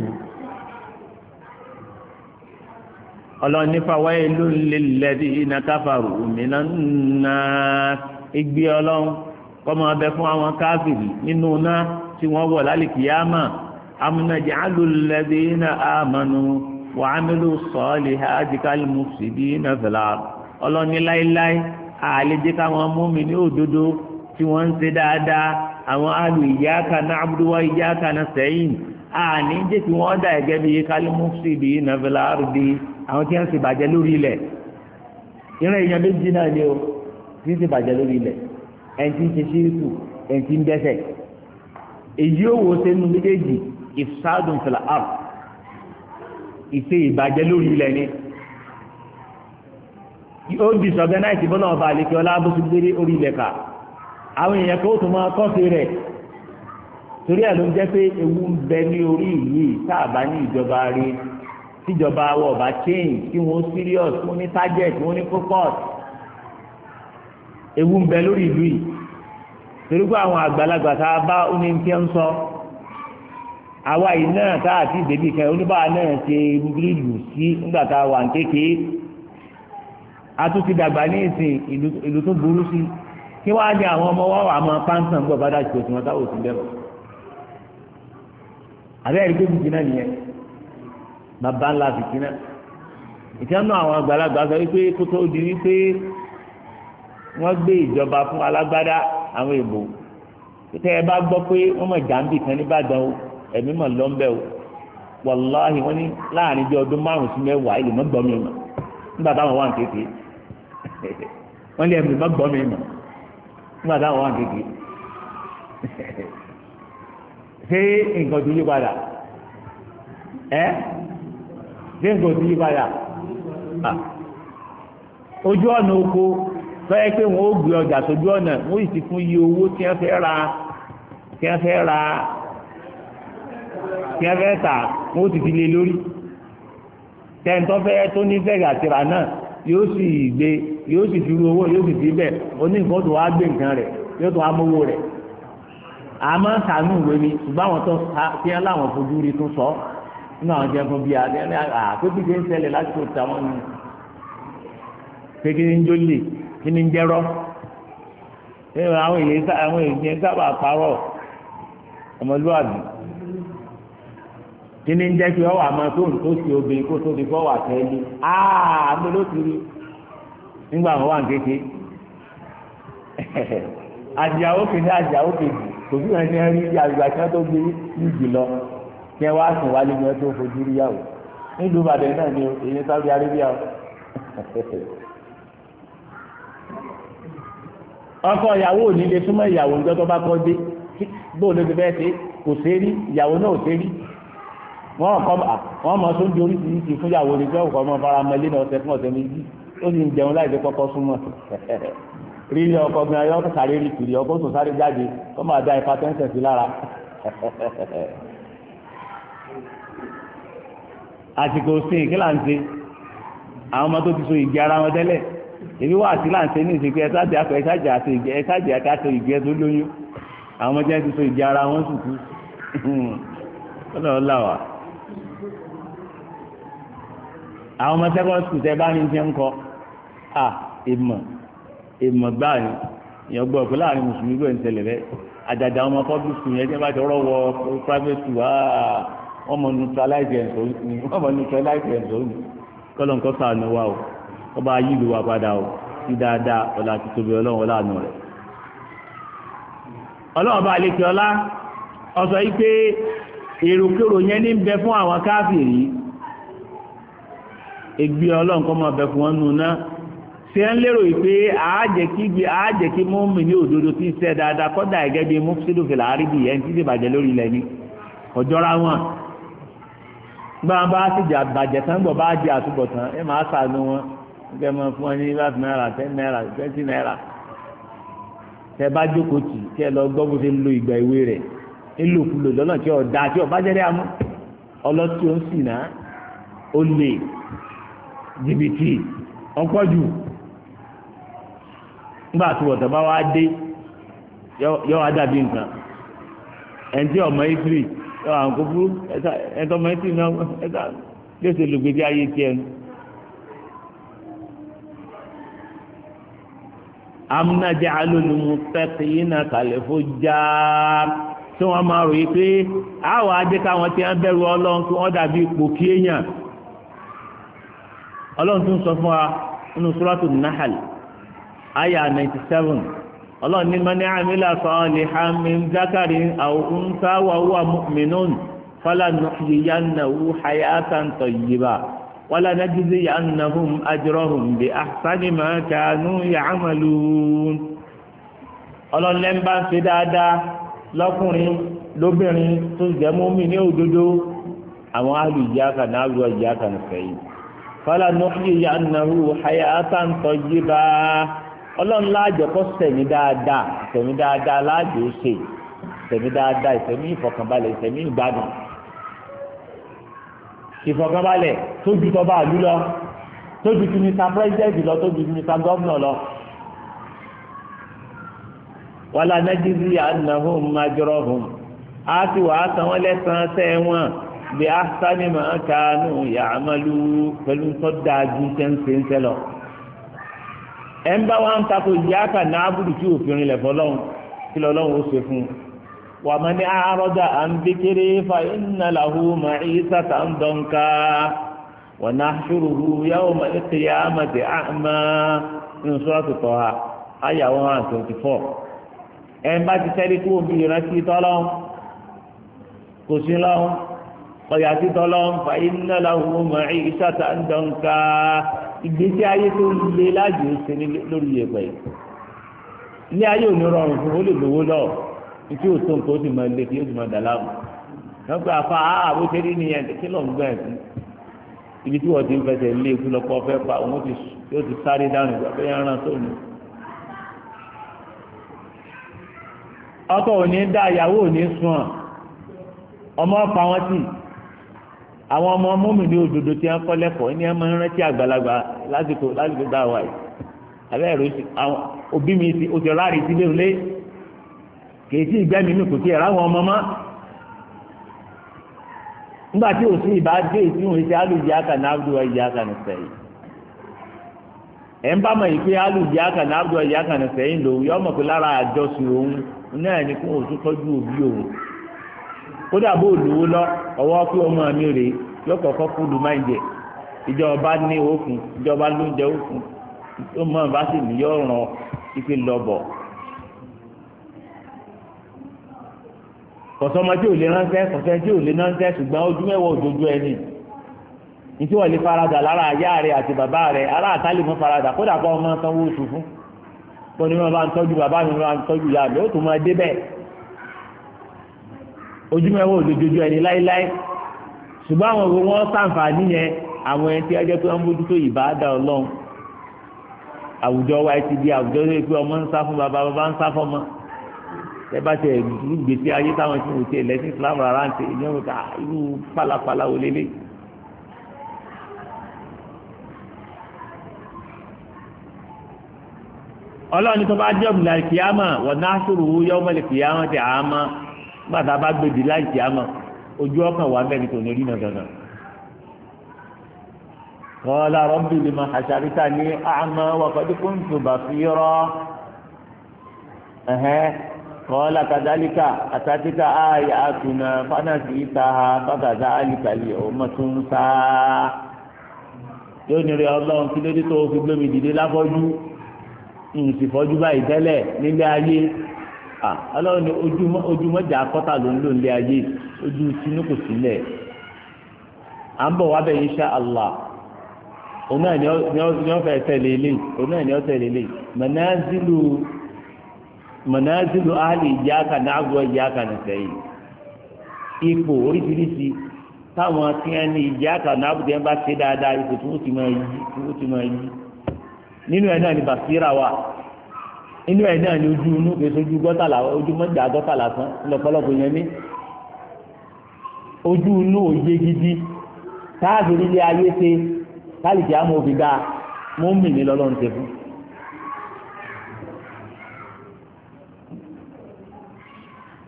ọlọ́ọ̀nífà wáyé ló ń lé lẹ́dí iná káfàrú òmìnira náà igbe ọlọ́run kọ́mọ ọbẹ̀ fún àwọn káfìrì nínú náà tí wọ́n wọ̀ lálìkìyàmà amúnájà alùlẹ̀dẹ̀ iná àmọ́nu wà á mẹ́lò sọ́ọ̀lì àdìkálì mùsùlùmí iná fẹ̀lá ọlọ́ni láíláí àlejò káwọn múmi ní òdodo tí wọ́n ń ṣe dáadáa àwọn alù iyyaka na'budu wa iyyaka nasta'in àní jẹ́ kí wọ́n dà ẹ̀gẹ́ bí kálí mùsùlùmí iná fẹ̀lá rúdi àwọn tí wọ́n ṣe bàjẹ́ lórí ilẹ̀ ìrìn èèyàn méjì náà ni o tí ń ti bàjẹ́ lórí ilẹ̀ ẹni tí ń ṣe ṣíríkù ẹni tí ń dẹ́sẹ̀ èyí ò wo sẹ́nu méjèèjì ìfṣádùn fìlà áp ìṣe ìbàjẹ́ lórí ilẹ̀ ni ó di sọ̀gẹ́náìtì bọ́lá ọba àlekè ọlá bó ti gbé orí ilẹ̀ kà àwọn èèyàn kan ó tún máa tọ́sí rẹ̀ torí ẹ̀ ló ń jẹ́ pé ewu ń bẹ ní orí ìlú sáàbá ní ìjọba rí tíjọba wọ̀ bá change kí wọ́n serious wọ́n ní target wọ́n ní focus ewu ń bẹ lórí ìlú yìí torí pé àwọn àgbàlagbà tá a bá omi tí ń sọ àwa yìí náà tá a ti bèbí kan oníbàá náà ṣe gírílù sí nígbà tá a wà ń kékeré a tún ti dàgbà ní ìsìn ìlú tó burú sí kí wàá di àwọn ọmọ wa wà á máa pàǹtàn gbọ́ bá dàgbò tí wọ́n táwọn ò sí bẹ́ẹ̀ bọ̀ àbẹ́ ẹ̀rí gbẹ́bí jìnnà nìyẹn bàbá ńlá fìtínà ìtẹ́nu àwọn àgbàlagbà sọ wípé kótó di wípé wọ́n gbé ìjọba fún alágbádá àwọn èèbò tẹ́ ẹ bá gbọ́ pé wọ́n mọ̀ jàǹbì kan nìbàdàn o ẹ̀mí mọ̀ lọ́nbẹ̀ o wàláhì wọ́n ní láàrin bí ọdún márùn-ún sí mẹ́wàá ilé mọ́ gbọ́ mi mọ̀ nígbà táwọn wà kéèké wọ́n ní ẹ̀mí mọ́ gbọ́ mi mọ̀ nígbà táwọn wà kéèké ṣé nǹkan ti yí padà ẹ́ ṣé nǹkan ti yí padà ah. ojú ọ̀nà oko tọ́yẹ pé wọ́n ó gbé ọjà sójú ọ̀nà wọ́n sì fún iye owó tí wọ́n fẹ́ ra tí wọ́n fẹ́ ra tí wọ́n fẹ́ tà wọ́n sì fi lé lórí tẹ́ǹtọ́ fẹ́ tó ní fẹ́gà tìrà náà yóò sì gbé yóò sì fi ru owó yóò sì fi bẹ̀ oníkan tó wá gbé nǹkan rẹ̀ yóò tó wá mówó rẹ̀ àmọ́ sànú ìwé mi ṣùgbọ́n àwọn tó fi hàn láwọn fojú rí tó sọ nínú àwọn jẹ́ fún bíi àpébíjẹ́ ń ṣẹlẹ̀ láti tó tàwọn nù kékeré ń jólè kí ni ń jẹ́rọ́ àwọn èèyàn sábà parọ́ ọmọlúwàbí kí ni ń jẹ́ kí ọwọ́ àmọ́ tó ń tó sí obìnrin kó tó fi fọwọ́ àtẹ́lé áá mo ló ti rí nígbà wọn wà ń kéke kejì àjàwó kejì kò sí ẹni rí àgbà kí wọn tó gbé níjì lọ kí wọn wá sùn wálé tó fojú rí yàwó nílùú ọkọ ìyàwó ò ní lè súnmọ́ ìyàwó níjọ́ tó bá kọ́ dé bóun ló ti fẹ́ ṣe kò ṣe rí ìyàwó náà ò ṣe rí wọ́n kọ́ wọ́n mọ tó ń di oríṣiríṣi fún ìyàwó ní pé ọkọ̀ ọmọ fara mọ ilé náà ọ̀sẹ̀ fún ọ̀sẹ̀ méjì ó sì ń jẹun láì dé kọ́kọ́ súnmọ́ rírí ọkọ̀ gan ayọ́ sáré rí kiri ọkọ̀ tó sáré jáde kó máa da ipa tẹ́ńsẹ̀ sí lára àsìkò sìn kí là ń ṣe àwọn ọmọ tó ti so ìgbé ara wọn tẹ́lẹ̀ èmi wà sí láǹṣẹ́ ní ìsìnkú ẹ̀sájà àpẹ ẹ̀sájà àti ìgbẹ́ ẹ̀sájà àti àti ìgbẹ́ tó lóyún àwọn ọmọ jẹ́ ti so ìgbẹ́ ara wọn sùkú ọlọ́ọ̀lá wa àwọn ọmọ second school tẹ bá ní iṣẹ́ ń kọ́ à ìmọ̀ ìmọ̀ gbáà ni èèyàn gbọ́ pé láàrin mùsùlùmí gbọ́ ní tẹ̀lẹ̀ rẹ̀ àjàjà ọmọ public school yẹn tí wọ́n bá ti rọ́wọ́ private school áà wọ́n mọ̀ neutralize ẹ̀ sọ́ọ́ ni wọ́n neutralize ẹ̀ sọ́ọ́ ni kọ́lọ̀ nǹkan sàánú o ọba ayé ìlú wa padà o sí dáadáa ọ̀la ti tóbi ọlọ́run ọlá àánú rẹ̀ ọlọ́run ọba àlekè ọlá ọsọ yìí pé èròkèrò yẹn ní bẹ fún àwọn káfìrí ègbé ọlọ́run kọ́ máa bẹ fún wọn nù náà ṣe ń lérò ìpé àájẹ́ kí mọ́mí ní òdodo tí ń ṣe dáadáa kọ́dà gẹ́gẹ́ bí mufsidu fìlà àríbì ẹ̀ ń tí ìbàjẹ́ lórí ilẹ̀ ni ọjọ́ra wọn gbọ́n bá ti jà bàjẹ́ tán gbọ́ bá jẹ àtúbọ̀tán ẹ máa ṣàánú wọn kẹ́ máa fún ọ ní five naira ten naira twenty naira tẹ́ bá jókòó tì kẹ́ lọ gbọ́ bó ṣe ń lo ìgbà ìwé rẹ̀ ńlòkulò lọ́nà tí ọ̀ da tí ọ̀ bá jẹ́rẹ́ amú ọlọ́tí ó ń sì náà ó lè jìbìtì ọ̀pọ̀jù nígbà tí wọ̀tọ̀ bá wá dé yọ wá dàbí nǹkan ẹ̀ǹtí ọmọ ìfìrì yọ àwọn kókó ẹ̀ta ẹ̀tọ́ ọmọ ìfìrì náà ẹ̀ta yóò ṣe lùgbèdì ayé tiẹ̀ nù. amúnájà alólùmùtẹ́kìnnà kàlẹ́fó já tí wọ́n máa rò yí pé àwọn ajé káwọn ti ń bẹ̀rù ọlọ́run tí wọ́n dàbí ipò kí èèyàn ọlọ́run tún sọ fún wa nínú sọ́rọ́tù nahal aya ninety seven ọlọ́run ní mọ́ni amílà salihan min zakarin aw unsa wa huwa mu'minun fala nuhyiyannahu hayatan tayyiba wala najziyannahum ajrahum bi ahsani ma kanu ya'malun ọlọ́lẹ́ ń bá ń ṣe dáadáa lọ́kùnrin lóbìnrin tó jẹ́ mọ́mí ní òdodo àwọn alùjáka náà lù ọjáka nìfẹ́ yìí fala nuhyiyannahu hayatan tayyiba ọlọ́run láàjọ kọ́ sẹ̀mí dáadáa sẹ̀mí dáadáa láàjọ ó ṣe sẹ̀mí dáadáa ìsẹ̀mí ìfọ̀kànbalẹ̀ ìsẹ̀mí ìgbádùn ìfọ̀kànbalẹ̀ tó ju tọba àlú lọ tó ju ti mr president lọ tó ju ti mr governor lọ. wàlá nàìjírí ànàhùn májọ́rọ̀hùn á ti wàá san wọ́n lẹ́sàn-án sẹ́ wọn bí a sáré máa kánú yàmálú pẹ̀lú tó dáa ju sẹ́ńsẹ́ńsẹ́ lọ. ẹ̀ ń bá wa ń takò ìyá kan náà abúlù tí òfin rìn lẹ̀ fọlọ́hún kí lọ́lọ́hún ó ṣe fún un. ومن أعرض عن ذكري فإن له معيشة ضنكا ونحشره يوم القيامة أعمى من سورة طه آية 124 ẹn bá ti sẹ́rí kú omi ìrántí tọ́lọ́ kò sí lọ́wọ́ ọ̀yà tí tọ́lọ́ fa iná làwọn ọmọ ìṣàtà ń dọ̀nka ìgbésí ayé tó le láàyè ó ṣe lórí ẹ̀pẹ̀ ní ayé òní rọrùn fún ó lè lówó lọ́wọ́ ìtí òtó nǹkan ó sì máa lé kí ó sì máa dà láàmú wọn gba afa àbó ṣe rí nìyẹn kí ló ń gbà ẹsìn ibi tí wọn ti ń fẹsẹ̀ lé ikú lọ́pọ̀ ọ̀fẹ́ pa òun ti yóò ti sáré dáhùn ìgbà pé yẹn rán sóòlù. ọkọ ò ní dá ìyàwó ò ní sùn ọ́n ọmọ ọ̀pá wọn sì àwọn ọmọ mọ́mìnì òdodo tí wọ́n kọ́ lẹ́kọ̀ọ́ ní ẹ rántí àgbàlagbà lásìkò lásìkò dáhùn àyè abẹ́rẹ́ òbí mi ti òtí ọ̀rá rè sílé òlé ke sí ìgbẹ́mi ní kòtí ẹ̀rọ àwọn ọmọ mọ́ nígbà tí òsì ìbá dé tí òun ṣe alùjì àkànà àbúrò ìyá àkànà sẹ́yìn ẹ̀ ń bá mọ̀ yìí pé aka àkànà àbúrò ìyá àkànà sẹ́yìn lòun yọ ọmọ pé lára àjọsùn òun náà ni kó òtún tọ́jú òbí òun kódà bó lówó lọ ọwọ́ pé ọmọ mi máa ń jẹ ìjọba ní òkun ìjọba òkun kọ̀sọ́mọ tí ò lè ránṣẹ́ kọ̀sẹ́ tí ò lè ránṣẹ́ ṣùgbọ́n ojú mẹ́wọ́ òjòjú ẹni nítí wọ́n lè faradà lára àyá rẹ̀ àti bàbá rẹ̀ ará àtàlẹ̀ mọ́ faradà kódà kọ́ ọmọ sanwó oṣù fún kọ́ ni wọ́n bá ń tọ́jú bàbá mi wọ́n bá ń tọ́jú ìyá mi ó tún máa dé bẹ́ẹ̀ ojú mẹ́wọ́ òjòjú ẹni láíláí ṣùgbọ́n àwọn òwe wọn sàǹfààní yẹn àwọn ẹni tí ẹjẹ́ pé wọ́n mójútó ìbáadà ọlọ́run àwùjọ wa ti di àwùjọ tó yẹ pé ọmọ ń sá fún bàbá bàbá ń sá fọ́mọ tẹ́bá tẹ irú gbèsè ayé táwọn tí mo tẹ lẹ́sìn Islam rárá ń tẹ ìyẹn mo ta irú pálapàla wo lélẹ̀. ọlọ́ọ̀ni tó bá jẹ́ òmìnira kìámà wọ̀n náà sòrò owó yọ ọmọlẹ̀ kìámà tẹ àmà gbàtà bá gbèdì láì kìámà ojú ọkàn wà bẹ́ẹ̀ ni kò ní rí dandan. qala rabbi lima hasharitani a'ma wa qad kuntu basira kọ́lá kadálíkà àtàtìkà ààyè àtúnà fánàtì ìta fàgàdà àlìkàlì ọmọ yóò ní rí ọlọ́run kí lóde tó fi gbé mi dìde láfọ́jú ń fọ́jú báyìí tẹ́lẹ̀ nílé ayé ọlọ́run ní ojúmọ́jà kọ́tà ló ń lò nílé ayé ojú tinú kò sílẹ̀. à ń bọ̀ wá bẹ̀ Allah òun náà ni fẹ́ tẹ̀lé mọ̀nàzìlù áàlì ìyáka náàbọ̀ ìyáka nìkẹyì Ipo oríṣiríṣi táwọn tí wọ́n ní ìyáka náàbọ̀ tí wọ́n bá ṣe dáadáa ipò tí wọ́n ti máa yí tí ti máa yí nínú ẹ̀ náà ni bàṣírà wà nínú ẹ̀ náà ni ojú inú kèso ojú gọ́tàlá ojú mọ́jà gọ́tàlá tán lọ́pọ̀lọpọ̀ yẹn ní ojú inú òye gidi táàbì nílé ayé ṣe táàbì kí á mọ òbí dáa mọ́ mìíní lọ́lọ́run ṣe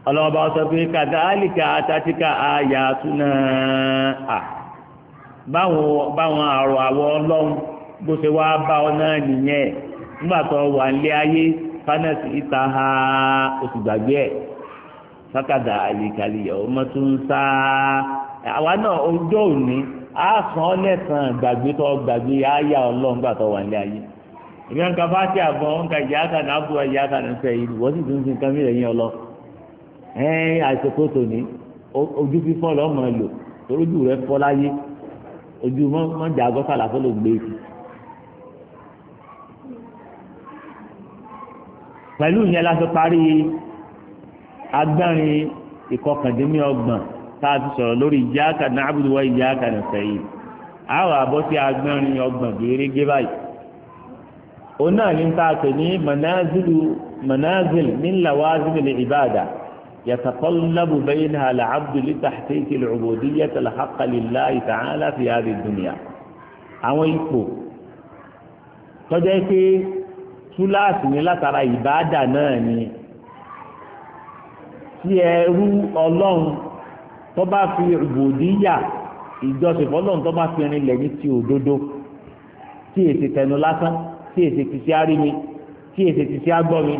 ọlọ́ọ̀bá sọ pé kàdáàlìkà àtàtìkà àyà à báwọn àrò àwọ ọlọ́run bó ṣe wá bá ọ náà nìyẹn nígbà wà nílé ayé fánẹ́sì ìta ha oṣù gbàgbé ẹ̀ sákàdà àlìkàlìyà tó ń sá àwa náà ọjọ́ òní a san ọ́ lẹ́sàn gbàgbé tó gbàgbé àyà ọlọ́run wà nílé ayé ìgbà ń ka fásitì àbọ̀ ń ka ìyá kan náà bú ìyá kan náà fẹ́ yìí wọ́n ẹ̀ẹ́n àìsòkò tòní ojú fífọ́ lọ́mọ lò torójú rẹ fọ́ láyé ojú mọ́jà gọ́fà làfọ́ ló gbé e. pẹ̀lú ìyẹn la fi parí agbẹ́rin ìkọkàndínlọ́gbọ̀n tá a ti sọ̀rọ̀ lórí iyyaka na'budu wa iyyaka nasta'in àwọn àbọ̀ sí agbẹ́rin ọgbọ̀n gèrègé báyìí òun náà ní ta pè ní manazil min lawazil al-ibada. يتطلب بينها العبد لتحقيق العبودية الحق لله تعالى في هذه الدنيا àwọn ipò tọ́jọ́ pé túláàsì ni látara ìbáàdà náà ni tí ẹrú ọlọ́run tó bá fi ìbòdíyà ìjọsìn fọlọ́run tó bá fi rinlẹ̀ ní ti òdodo tí èsì tẹnu lásán tí èsì ti ṣe árí mi tí èsì ti ṣe ágbọ́ mi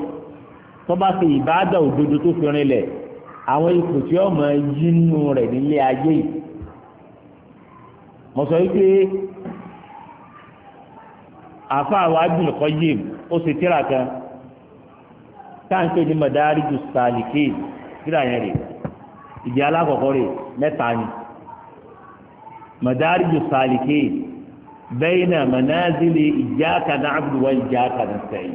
tó bá fi ìbáàdà òdodo tó fi rinlẹ̀ àwọn ipò tí ọmọ yí nù rẹ̀ nílé ayé yìí mo sọ wípé àfa àwọn agbìnìkọ yìí ó ṣe tíra kan táǹkì ní Madariju Salikin tíra yẹn rè ìdí alákọ̀ọ́kọ́ rè mẹ́ta ni Madariju Salikin bayna manazili iyyaka na'budu wa iyyaka nasta'in.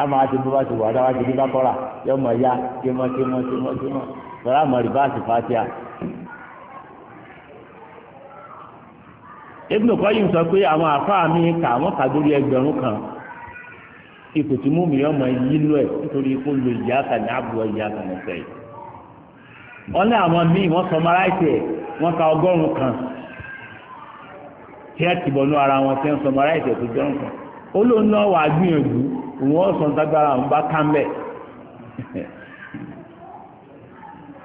àmọ́ àti bó bá ti wà dáwà ti ní bá kọ́ra yọ mọ̀ ya kí mọ́ kí mọ́ sọ̀rọ̀ àmọ́ rìbáàsì fàtíà. Ibn Qayyim sọ pé àwọn àfáà mi kà wọ́n kà lórí ẹgbẹ̀rún kan ipò tí mú mi yọ mọ yí lọ ẹ nítorí kó lo ìyá kan àbúrò ìyá kan ẹsẹ yìí wọn ní àwọn míì wọn sọ maraìtì ẹ wọn ka ọgọ́rùn kan tí ẹ ti bọnú ara wọn tí ẹ sọ maraìtì ẹ tó jọrùn kan ó lóun náà gbìyànjú òun ọ̀sán tágbára òun bá ká mbẹ́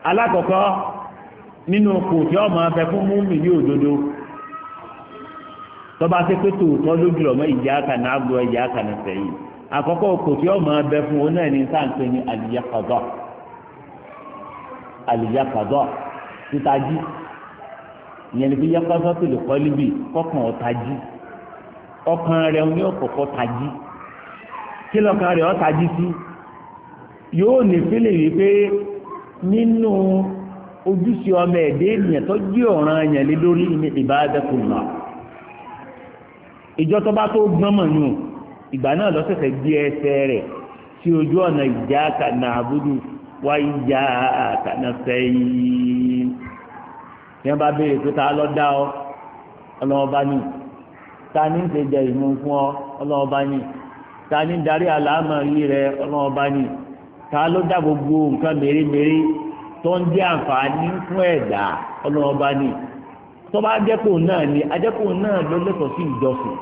alákọ̀ọ́kọ́ nínú kò tí ọmọ afẹ́ fún múmi ní òdodo tọ́ba ṣe pé tòótọ́ lójú ọmọ ìjà kàná àgbo ìjà kàná sẹ́yìn àkọ́kọ́ kò tí ọmọ abẹ fún ọ náà ní sáǹpé ní àlìyàkọ̀dọ̀ àlìyàkọ̀dọ̀ títají ìyẹn ní fi yẹ tó lè kọ́ níbi kọ́kàn ọ̀tají ọkàn rẹ̀ ní ọ̀kọ̀kọ́ tají kí lọ́kàn rẹ̀ ọ́tají sí yóò ní fílẹ̀ wípé nínú ojúṣe ọmọ ẹ̀dẹ́ ènìyàn tó jẹ́ ọ̀ràn èèyàn lé lórí ní ìbádẹ́kùnlá ìjọ tó bá tó gbọ́mọ̀ nù ìgbà náà lọ́sẹ̀sẹ̀ gbé ẹsẹ̀ rẹ̀ sí ojú ọ̀nà ìjà kàná àbúdù wá ìjà kàná sẹ́yìn ní bá béèrè pé ta ló dá ọ ọlọ́wọ́ bá ní ta ní ń ṣe jẹ ìmú fún ọ ọlọ́wọ́ bá ní ta ní darí àlámọ̀rí rẹ ọmọ ọba ni ta ló dá gbogbo nǹkan mèremère tó ń jẹ́ àǹfààní fún ẹ̀dá ọba ni tó bá náà ni ajẹ́kù náà ló lẹ́tọ̀ọ́ sí ìjọsìn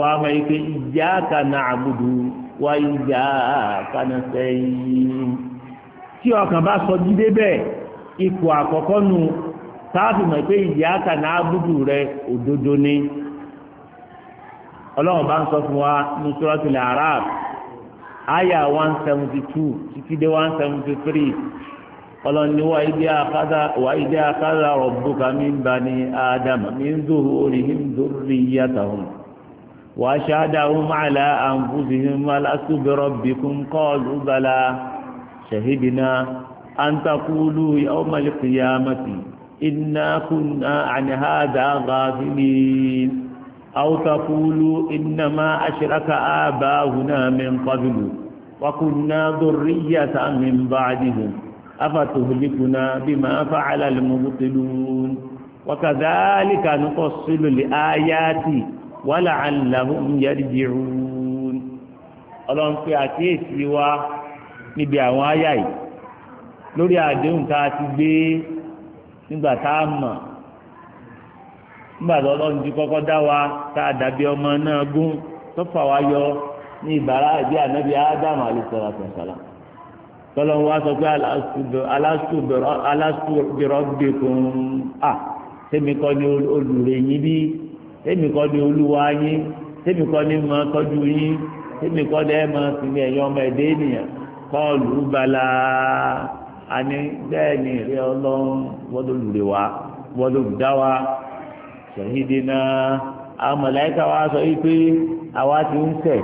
wá pé ìjà kana àbùdù wá ìjà kana sẹ́yìn tí ọkàn bá sọ jíde bẹ́ẹ̀ ipò àkọ́kọ́ nu mọ̀ pé ìjà ni. ọlọ́run bá ń sọ fún wa ní suratul A'raf àyà one seventy two títí dé one seventy three ọlọ́run ni wà ìdí àkàdà wà ìdí àkàdà rabbuka min bani ádámà min zuhurihim dhurriyyatahum wa ashhadahum ala anfusihim alastu bi rabbikum qalu bala shahidna an taqulu yawmal qiyamati inna kunna an hadha ghafilin. أو تقولوا إنما أشرك آباؤنا من قبل وكنا ذرية من بعدهم أفتهلكنا بما فعل المبطلون وكذلك نفصل الآيات ولعلهم يرجعون ọlọ́run pé àkíyèsí wa níbi àwọn àyà yìí lórí àdéhùn tá a ti gbé nígbà tá a mọ̀ nígbàtí ọlọ́run ti kọ́kọ́ dá wa tá a dàbí ọmọ náà gún tó fà wá yọ ní ìbára ìbí ànábi ádámù alẹ́sọ̀rọ̀ àtọ̀sọ̀rọ̀ tọ́lọ́run wá sọ pé alásùbẹ̀rọ̀ gbẹ̀kùn à tẹ́mi kọ́ ni olùrè yín bí tẹ́mi kọ́ ni olúwa yín tẹ́mi kọ́ ni mọ́ tọ́jú yín tẹ́mi kọ́ ni ẹ mọ́ sinmi ẹ̀yọ́ ọmọ ẹ̀dẹ́ ènìyàn kọ́ọ̀lù bala àní bẹ́ẹ̀ ni ìrẹ́ ọlọ́run wọ́n ló lùrè wá wọ́n ló dá wa. ṣèhídínà àwọn mọ̀láìkà sọ yìí àwa ti ń tẹ̀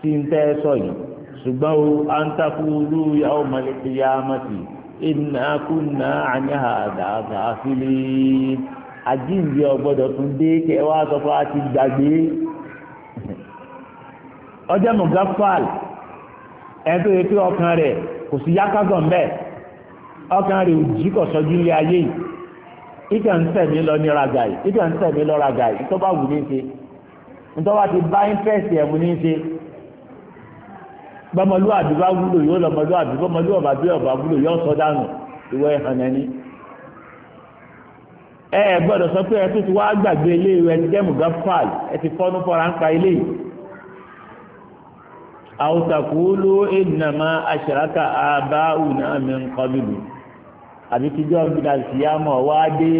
tí ń sọ yìí ṣùgbọ́n o à ń takúrú yàwó mọ̀lẹ́kì yá mọ̀tì iná kùnà àníhà àdáàgà àfilẹ̀ àjíǹde ọgbọ́dọ̀ tún dé kẹ wá sọ pé a ti gbàgbé ọjọ́ mọ̀gáfàl ẹni yẹ ọkàn ìkà ń tẹ̀mí lọ ní rajà yìí ń lọ yìí wù ní ṣe ti bá íńtẹ́sì ẹ̀mú ní ṣe bá wúlò yóò lọ́mọlúwàbí bọ́mọlúwàbí ọba wúlò yóò sọ dànù ìwọ ìhànà ni. ẹ ẹ sọ pé ẹ tún ti wá gbàgbé ilé ìwé ẹni jẹ́ mugafal ẹ ti ń pa ilé yìí. àbí tíjọ́ gbígbà síyámọ̀ wá dé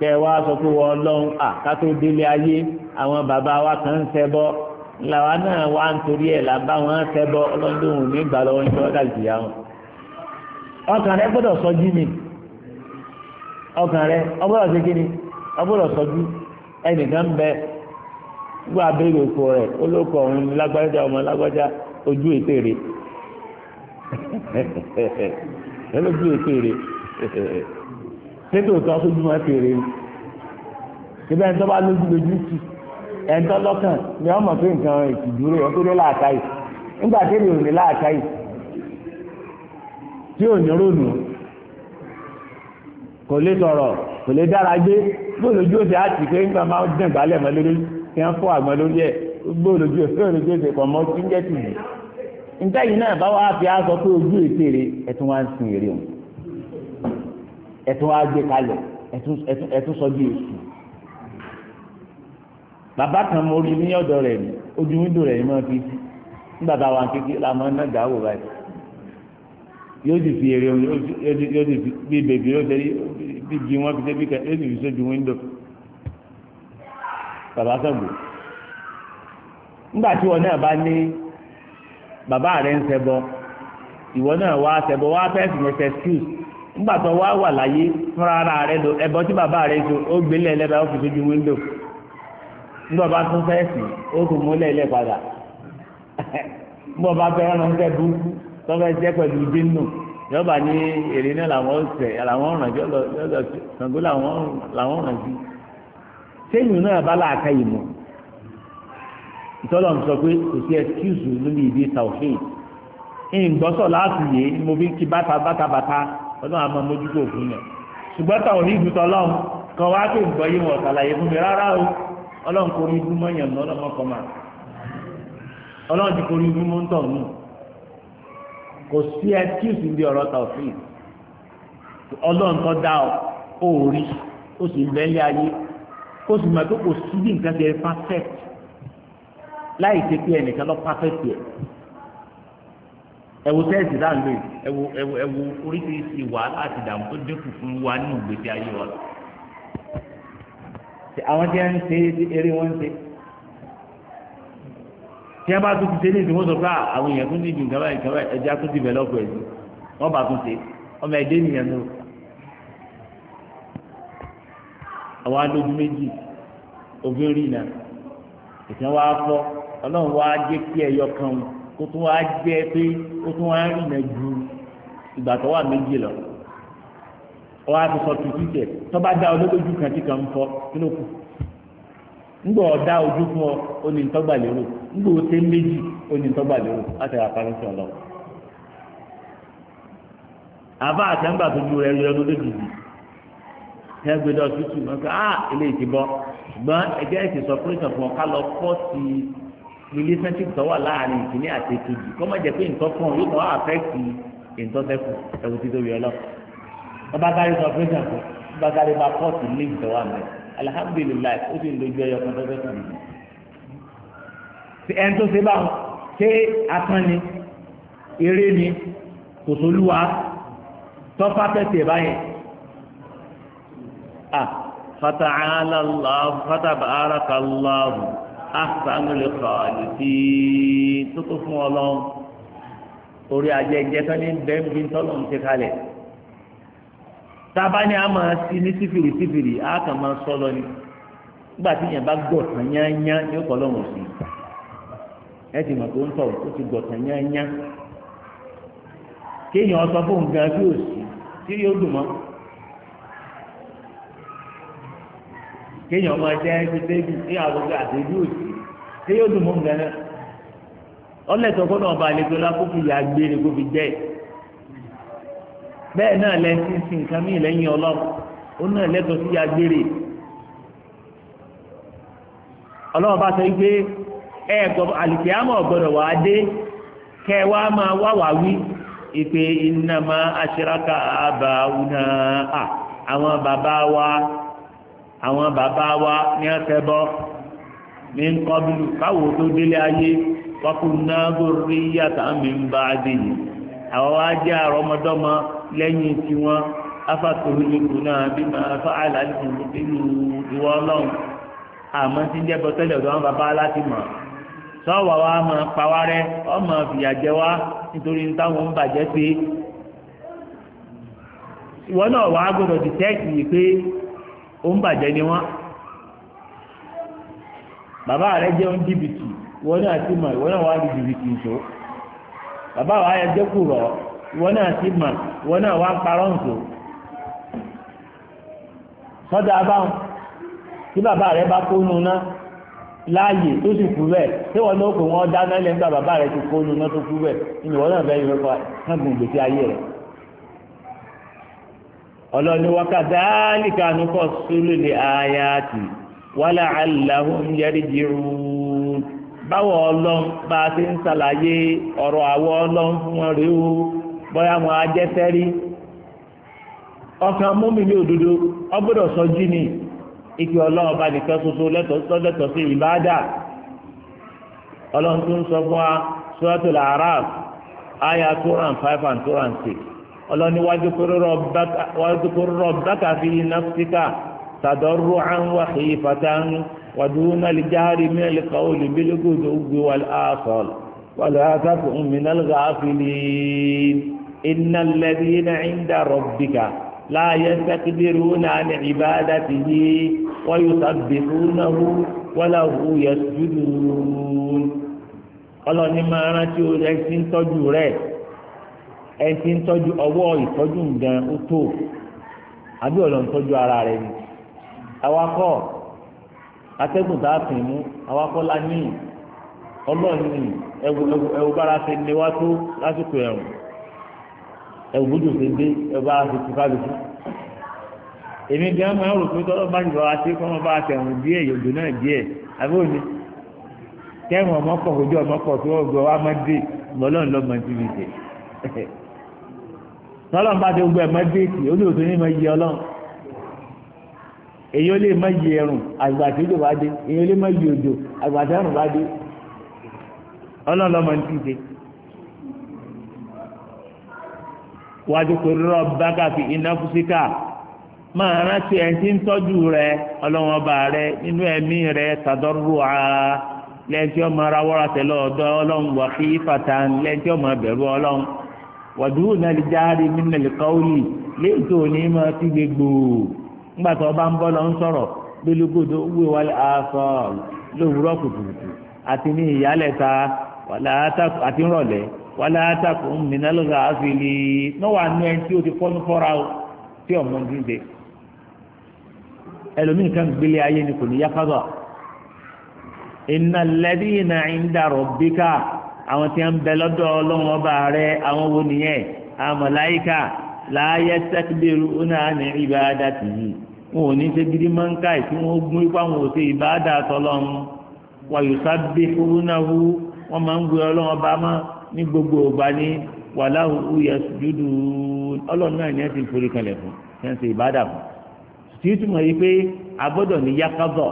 kẹ wá sọ pé wọ́n lọ́hùn à kátó délé ayé àwọn bàbá wa kan ń ṣẹbọ làwa náà wá ń torí ẹ̀ là bá wọn ṣẹbọ ọlọ́dún nígbà lọ́wọ́ ní ọ̀dà síyámọ̀ ọkàn rẹ gbọ́dọ̀ sọjú mi ọkàn rẹ ọgbọ́dọ̀ ṣe kí ni ọgbọ́dọ̀ sọjú ẹnìkan bẹ gbọ́ abẹ́rẹ́ òkò rẹ̀ olóko ọ̀hún lágbájá ọmọ lágbájá ojú ètèrè olójú ètèrè. tètè òtọ́ sójú fèrè ni síbẹ̀ ń lójú lójú sí ẹni lọ́kàn ni wọ́n mọ̀ nǹkan ìtìdúró nígbà tí èmi ní láàká tí ò ní rònú kò lè kò lè dára gbé gbóòlójú òsè àti pé nígbà máa ń dàn gbálẹ̀ mọ́ lórí kí wọ́n fọ́ àgbọn lórí ẹ̀ ẹ̀tún wá gbé kalẹ̀ ẹ̀tún sọ bí èsù bàbá kan mo rí ní ọ̀dọ̀ rẹ̀ ní ojú wíńdò rẹ̀ ní mọ́ fi sí nígbà tá a wà kékeré la mọ́ náà gàá wò báyìí yóò sì fi èrè òun yóò sì fi bí bèbí yóò ṣe bí bí wọn fi ṣe bí kan yóò sì fi sójú wíńdò bàbá sọ̀gbù nígbà tí wọn náà bá ní bàbá rẹ̀ ń ṣẹbọ ìwọ náà wá wá excuse ńgbàtọ̀ wa wà láyé fúnra ara rẹ̀ lọ ẹbọ tí bàbá rẹ̀ so ó gbélé ẹlẹ́bà ó fi sójú wíńdò ńgbà bá tún fẹ́ sí ó kò padà ńgbà bá dínú yọba ní èrè náà làwọn ọ̀sẹ̀ làwọn ọ̀ràn jọ lọ làwọn sí sẹ́yìn náà bá láàka ìtọ́lọ̀ sọ pé kò sí lórí tàwọ́fẹ́ ìgbọ́sọ̀ láti yé mo fi bàtà bàtà ọlọ́run àmọ́ mójútó fún yẹn ṣùgbọ́n táwọn onídùú tọ́lọ́run kan wá pé nǹkan yé wọn ṣàlàyé fún mi rárá o ọlọ́run kò rí ibú mọ́ yẹn mọ́ máa ọlọ́run ti kò rí ibú mọ́ nù kò sí excuse ń bí ọ̀rọ̀ ọlọ́run dá ọ ó sì ń ayé ó ẹwù sẹ́ẹ̀sì dáa ń lò yìí ẹwù ẹwù ẹwù oríṣiríṣi wàhálà àti ìdààmú tó dínkù fún wa nínú ìgbésí ayé wa. àwọn tí wọ́n ń ṣe eré wọ́n ń ṣe tí wọ́n bá tún ti ṣe ní ìdíwọ́n sọ pé àwọn èèyàn tún ní ìdí nǹkan báyìí nǹkan báyìí ẹja tún dìvẹ́lọ́pù ẹ̀ sí wọ́n bá tún ṣe ọmọ ẹ̀dẹ́ nìyẹn nù. àwọn alójú méjì obìnrin náà ìtàn wa fọ́ ọlọ́run wa jẹ́ kí ẹyọ kan wọn tó tún wá jẹ́ pé ó tún wá rìnà ju ìgbà tó wà méjì lọ ọ wá fi sọ tuntun tẹ tó bá dá olójú kan tí kan ń fọ kí ló kù ńgbọ ọdá ojú fún ọ ó ní ntọ́gbà lérò ńgbọ ọtẹ méjì ó ní ntọ́gbà lérò láti ra parí sí ọlọ. àbá àtẹ̀ǹgbà tó ju ẹrú ẹnu lójijì ẹ gbé lọ sí tù mọ́ ah eléyìí ti bọ́ ṣùgbọ́n ẹgbẹ́ ẹ̀sìn sọ pé ìṣọ̀fún ọ̀ká lọ pọ́ sí i relationship tó wà láàrin ìkíní àti ìkejì kọ́ má jẹ́ pé nǹkan kan yóò máa àfẹ́kì ìtọ́sẹ́kù ẹ̀wù tí tóbi ọlọ́ bàbá kárí sọ fún ìṣàkó bàbá kárí bá pọ́ọ̀tì léyìn tó wà mẹ́ alihamudulilayi ó sì ń lójú ẹyọ kan tọ́sẹ́kù nìyí. ẹni tó ṣe báwọn ṣé atán ni eré ni kò tọ́fà tẹ̀sí báyẹn ah fatah alalahu fatah barakallahu. ahsanul khaliqin tó tó fún ọla, orí ajẹjẹ ní bẹ́ẹ̀bí tọ́lọ́run ti kalẹ̀ tábà ní a máa ti ní sífìrì sífìrì a kàn máa sọ lọ ni nígbà tí yẹn bá gbọ̀tàn yányá ní ọkọ̀ ọlọ́run sí ẹ ti mọ̀ tó ń ti kéèyàn kéèyàn máa jẹ́ ẹni bébì kéèyàn àgbègbè àtẹ̀jú òsì kéèyàn dùn mọ́ nǹkan náà ọlẹ́tọ̀ ọba àlejò lákòókò yà gbére kó fi jẹ́ bẹ́ẹ̀ náà lẹ́sìn sí nǹkan mí lẹ́yìn ọlọ́run ó náà lẹ́tọ̀ sí yà gbére ọlọ́run bá sọ wípé ẹ gbọ́ àlìkíyàmọ̀ ọ̀gbọ́dọ̀ wà á dé kẹ wá máa wá wà wí ìpè àbáwùnà àwọn bàbá wa. àwọn bàbá wa ní ọ̀tẹ́bọ́ ní kọ́bílù káwò tó délé ayé wákùnná gòrí yàtà mi ń bá adéyìn àwọn wá jẹ́ àrọ́mọdọ́mọ lẹ́yìn tí wọ́n afákòrìlẹ́kù náà bí máa fọ́ àlàlùkùn nínú ìwọ ọlọ́run àmọ́ tí ń jẹ́ bọ́tẹ́lẹ̀ ọ̀dọ́ wọn bàbá láti mọ̀ sọ́wọ́ wa máa pa wá rẹ́ ọmọ fìyà jẹ wá nítorí táwọn ń bàjẹ́ pé ìwọ náà wàá gbọdọ̀ dìtẹ́kì pé ó ń bàjẹ́ ni wọ́n bàbá rẹ̀ jẹ́ ń jìbìtì wọ́n náà ti mọ̀ ìwọ́n náà wá di jìbìtì ìṣó bàbá wa yẹ jẹ́ kùrọ̀ ìwọ́n náà ti mọ̀ ìwọ́n náà wá ń parọ́ nṣó sọ́dọ̀ abáwọn tí bàbá rẹ̀ bá kó nu ná láàyè tó sì kú bẹ́ẹ̀ tí wọ́n náà kò wọ́n dáná lẹ́gbàá bàbá rẹ̀ ti kó nu ná tó kú bẹ́ẹ̀ ìwọ́n náà bẹ́ẹ̀ yọ ọlọ́ni wakadhalika nufassilu li ayati wala allahum yarji'un báwo ọlọ́n bá a ti ń ṣàlàyé ọ̀rọ̀ àwọ̀ ọlọ́n fún wọn rèé o bóyá wọn á jẹ́ sẹ́rí ọkàn mùmínì òdodo ọgbọ́dọ̀ sọjí ni ike ọlọ́run bá nìkan sí ìbáàdà ọlọ́run tó ń sọ five and two and six. ọlọ́ni wazkur rabbaka fi nafsika tadarru'an wa khifatan wa duna al-jahri min al-qawli bil-ghudwi wal-asali wa la takun min al-ghafilin inna alladhina 'inda rabbika la yastakbiruna 'an 'ibadatihi wa yusabbihunahu wa lahu yasjudun ọlọ́ni máa rántí orí ẹ̀sìn tọ́jú rẹ̀ ẹni tí ń tọ́jú ọwọ́ ìtọ́jú nǹkan ó tó àbí ọ̀lọ́ ń tọ́jú ara rẹ̀ ni awakọ̀ atẹ́gùn tá a fìn mú awakọ̀ la ní ọlọ́ọ̀ni ẹwù ẹwù ẹwù bára ṣe ní wá tó lásìkò ẹ̀rùn ẹwù bójú ṣe dé ẹwù bára ṣe tù kábi fún èmi bí wọn máa ń rò pé tọ́lọ́ bá ti bá wa ṣe kọ́ bá ṣe ẹ̀rùn díẹ̀ yòdò náà díẹ̀ àbí òní kẹ́rùn ọmọkọ̀ ojú ọmọkọ̀ tó ọgbọ wa máa dé mọ́lọ́ọ̀lọ́mọ ti fi ṣe tọ́lọ́n bá ti gbogbo ẹ̀mọ́ déètì ó ní òtún ní mọ̀ yí ọlọ́run èyí ó lè mọ̀ yí ẹrùn àgbà òjò bá dé èyí ó lè mọ̀ yí òjò tí bá dé ọlọ́run lọ́mọ ní wájú rọ fi iná fúsíkà máa rántí tí ń tọ́jú rẹ ọlọ́run ọba rẹ nínú ẹ̀mí rẹ tàdọ́rù á lẹ́yìn tí wàdúró náà lè jáde nínú ìkọ́wé léyìí tó ní mọ́ sí gbogbo ńgbà tó bá ń bọ́ lọ ń sọ̀rọ̀ gbélugbòdo wé wálé aṣọ lówùúrọ̀ kùtùkùtù àti ní ìyálẹ̀ta àti ńrọ̀lẹ́ wálé o ti fọ́nú fọ́ra o tí ọmọ ń gbélé ayé ni kò ní yá inda àwọn tí ń bẹ lọ́dọ̀ ọlọ́run ọba rẹ àwọn wo nìyẹn àwọn mọ̀láyíkà láàyè sẹ́kìdérú ó náà ní ìbáadá tì í wọn ò ní ṣe gidi mọ́ńkà tí wọ́n gún ipá wọn ò ṣe ìbáadá tọ́lọ́run wàyùsá bí fúrúnáwó wọ́n máa ń gbé ọlọ́run ọba mọ́ ní gbogbo ọba ní wàláhù uyẹ dúdú ọlọ́run náà ní ẹ ti forí kalẹ̀ fún ẹ ń ṣe ìbáadá fún tí yìí pé agbọ́dọ̀ ní yákàbọ̀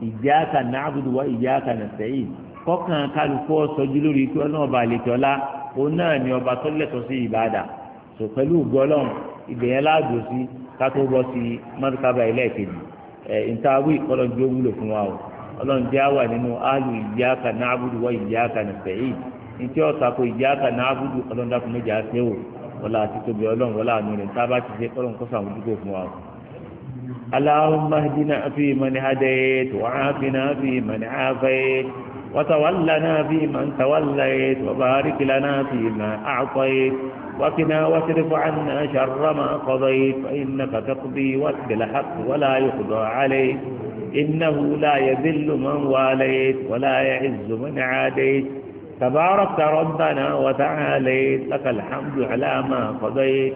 iyyaka na'budu wa iyyaka nasta'in kọ́kàn kálukú ọ̀sọ́jú lórí ikú ọ̀nà ọba àlejòọ́lá òun náà ni ọba tó lẹ́tọ̀ọ́ sí ìbàdà sọ pẹ̀lú ògbọ́lọ́n ibẹ̀ yẹn láàbò sí kátó bọ́ sí mọ́tòkábà ẹlẹ́ẹ̀kejì ẹ̀ ntàwí ọlọ́njẹ́ wúlò fún wa o ọlọ́njẹ́ wà nínú alu iyyaka na'budu wa iyyaka nasta'in ntí ọ̀sàkó iyyaka na'budu ọlọ́ndàkùnmẹ́jà ọlọ́run wọlá àánú rẹ̀ ntábà ti اللهم اهدنا فيمن هديت وعافنا فيمن عافيت وتولنا فيمن توليت وبارك لنا فيما أعطيت وقنا واصرف عنا شر ما قضيت فإنك تقضي واتق الحق ولا يقضى عليك إنه لا يذل من واليت ولا يعز من عاديت تبارك ربنا وتعاليت لك الحمد على ما قضيت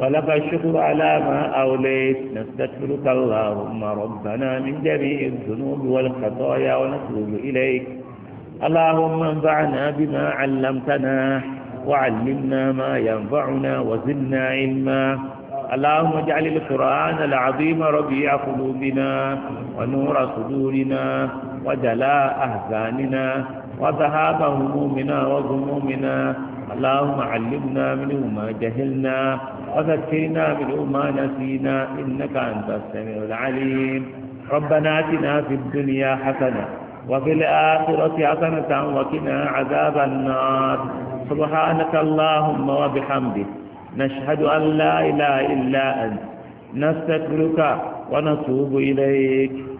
ولك الشكر على ما أوليت نستغفرك اللهم ربنا من جميع الذنوب والخطايا ونتوب إليك اللهم انفعنا بما علمتنا وعلمنا ما ينفعنا وزدنا علما اللهم اجعل القرآن العظيم ربيع قلوبنا ونور صدورنا وجلاء أحزاننا وذهابا همومنا وغمومنا اللهم علمنا منه ما جهلنا وذكرنا منه ما نسينا إنك أنت السميع العليم ربنا اتنا في الدنيا حسنة وفي الآخرة حسنة وقنا عذاب النار سبحانك اللهم وبحمدك نشهد أن لا إله إلا أنت نستغفرك ونتوب إليك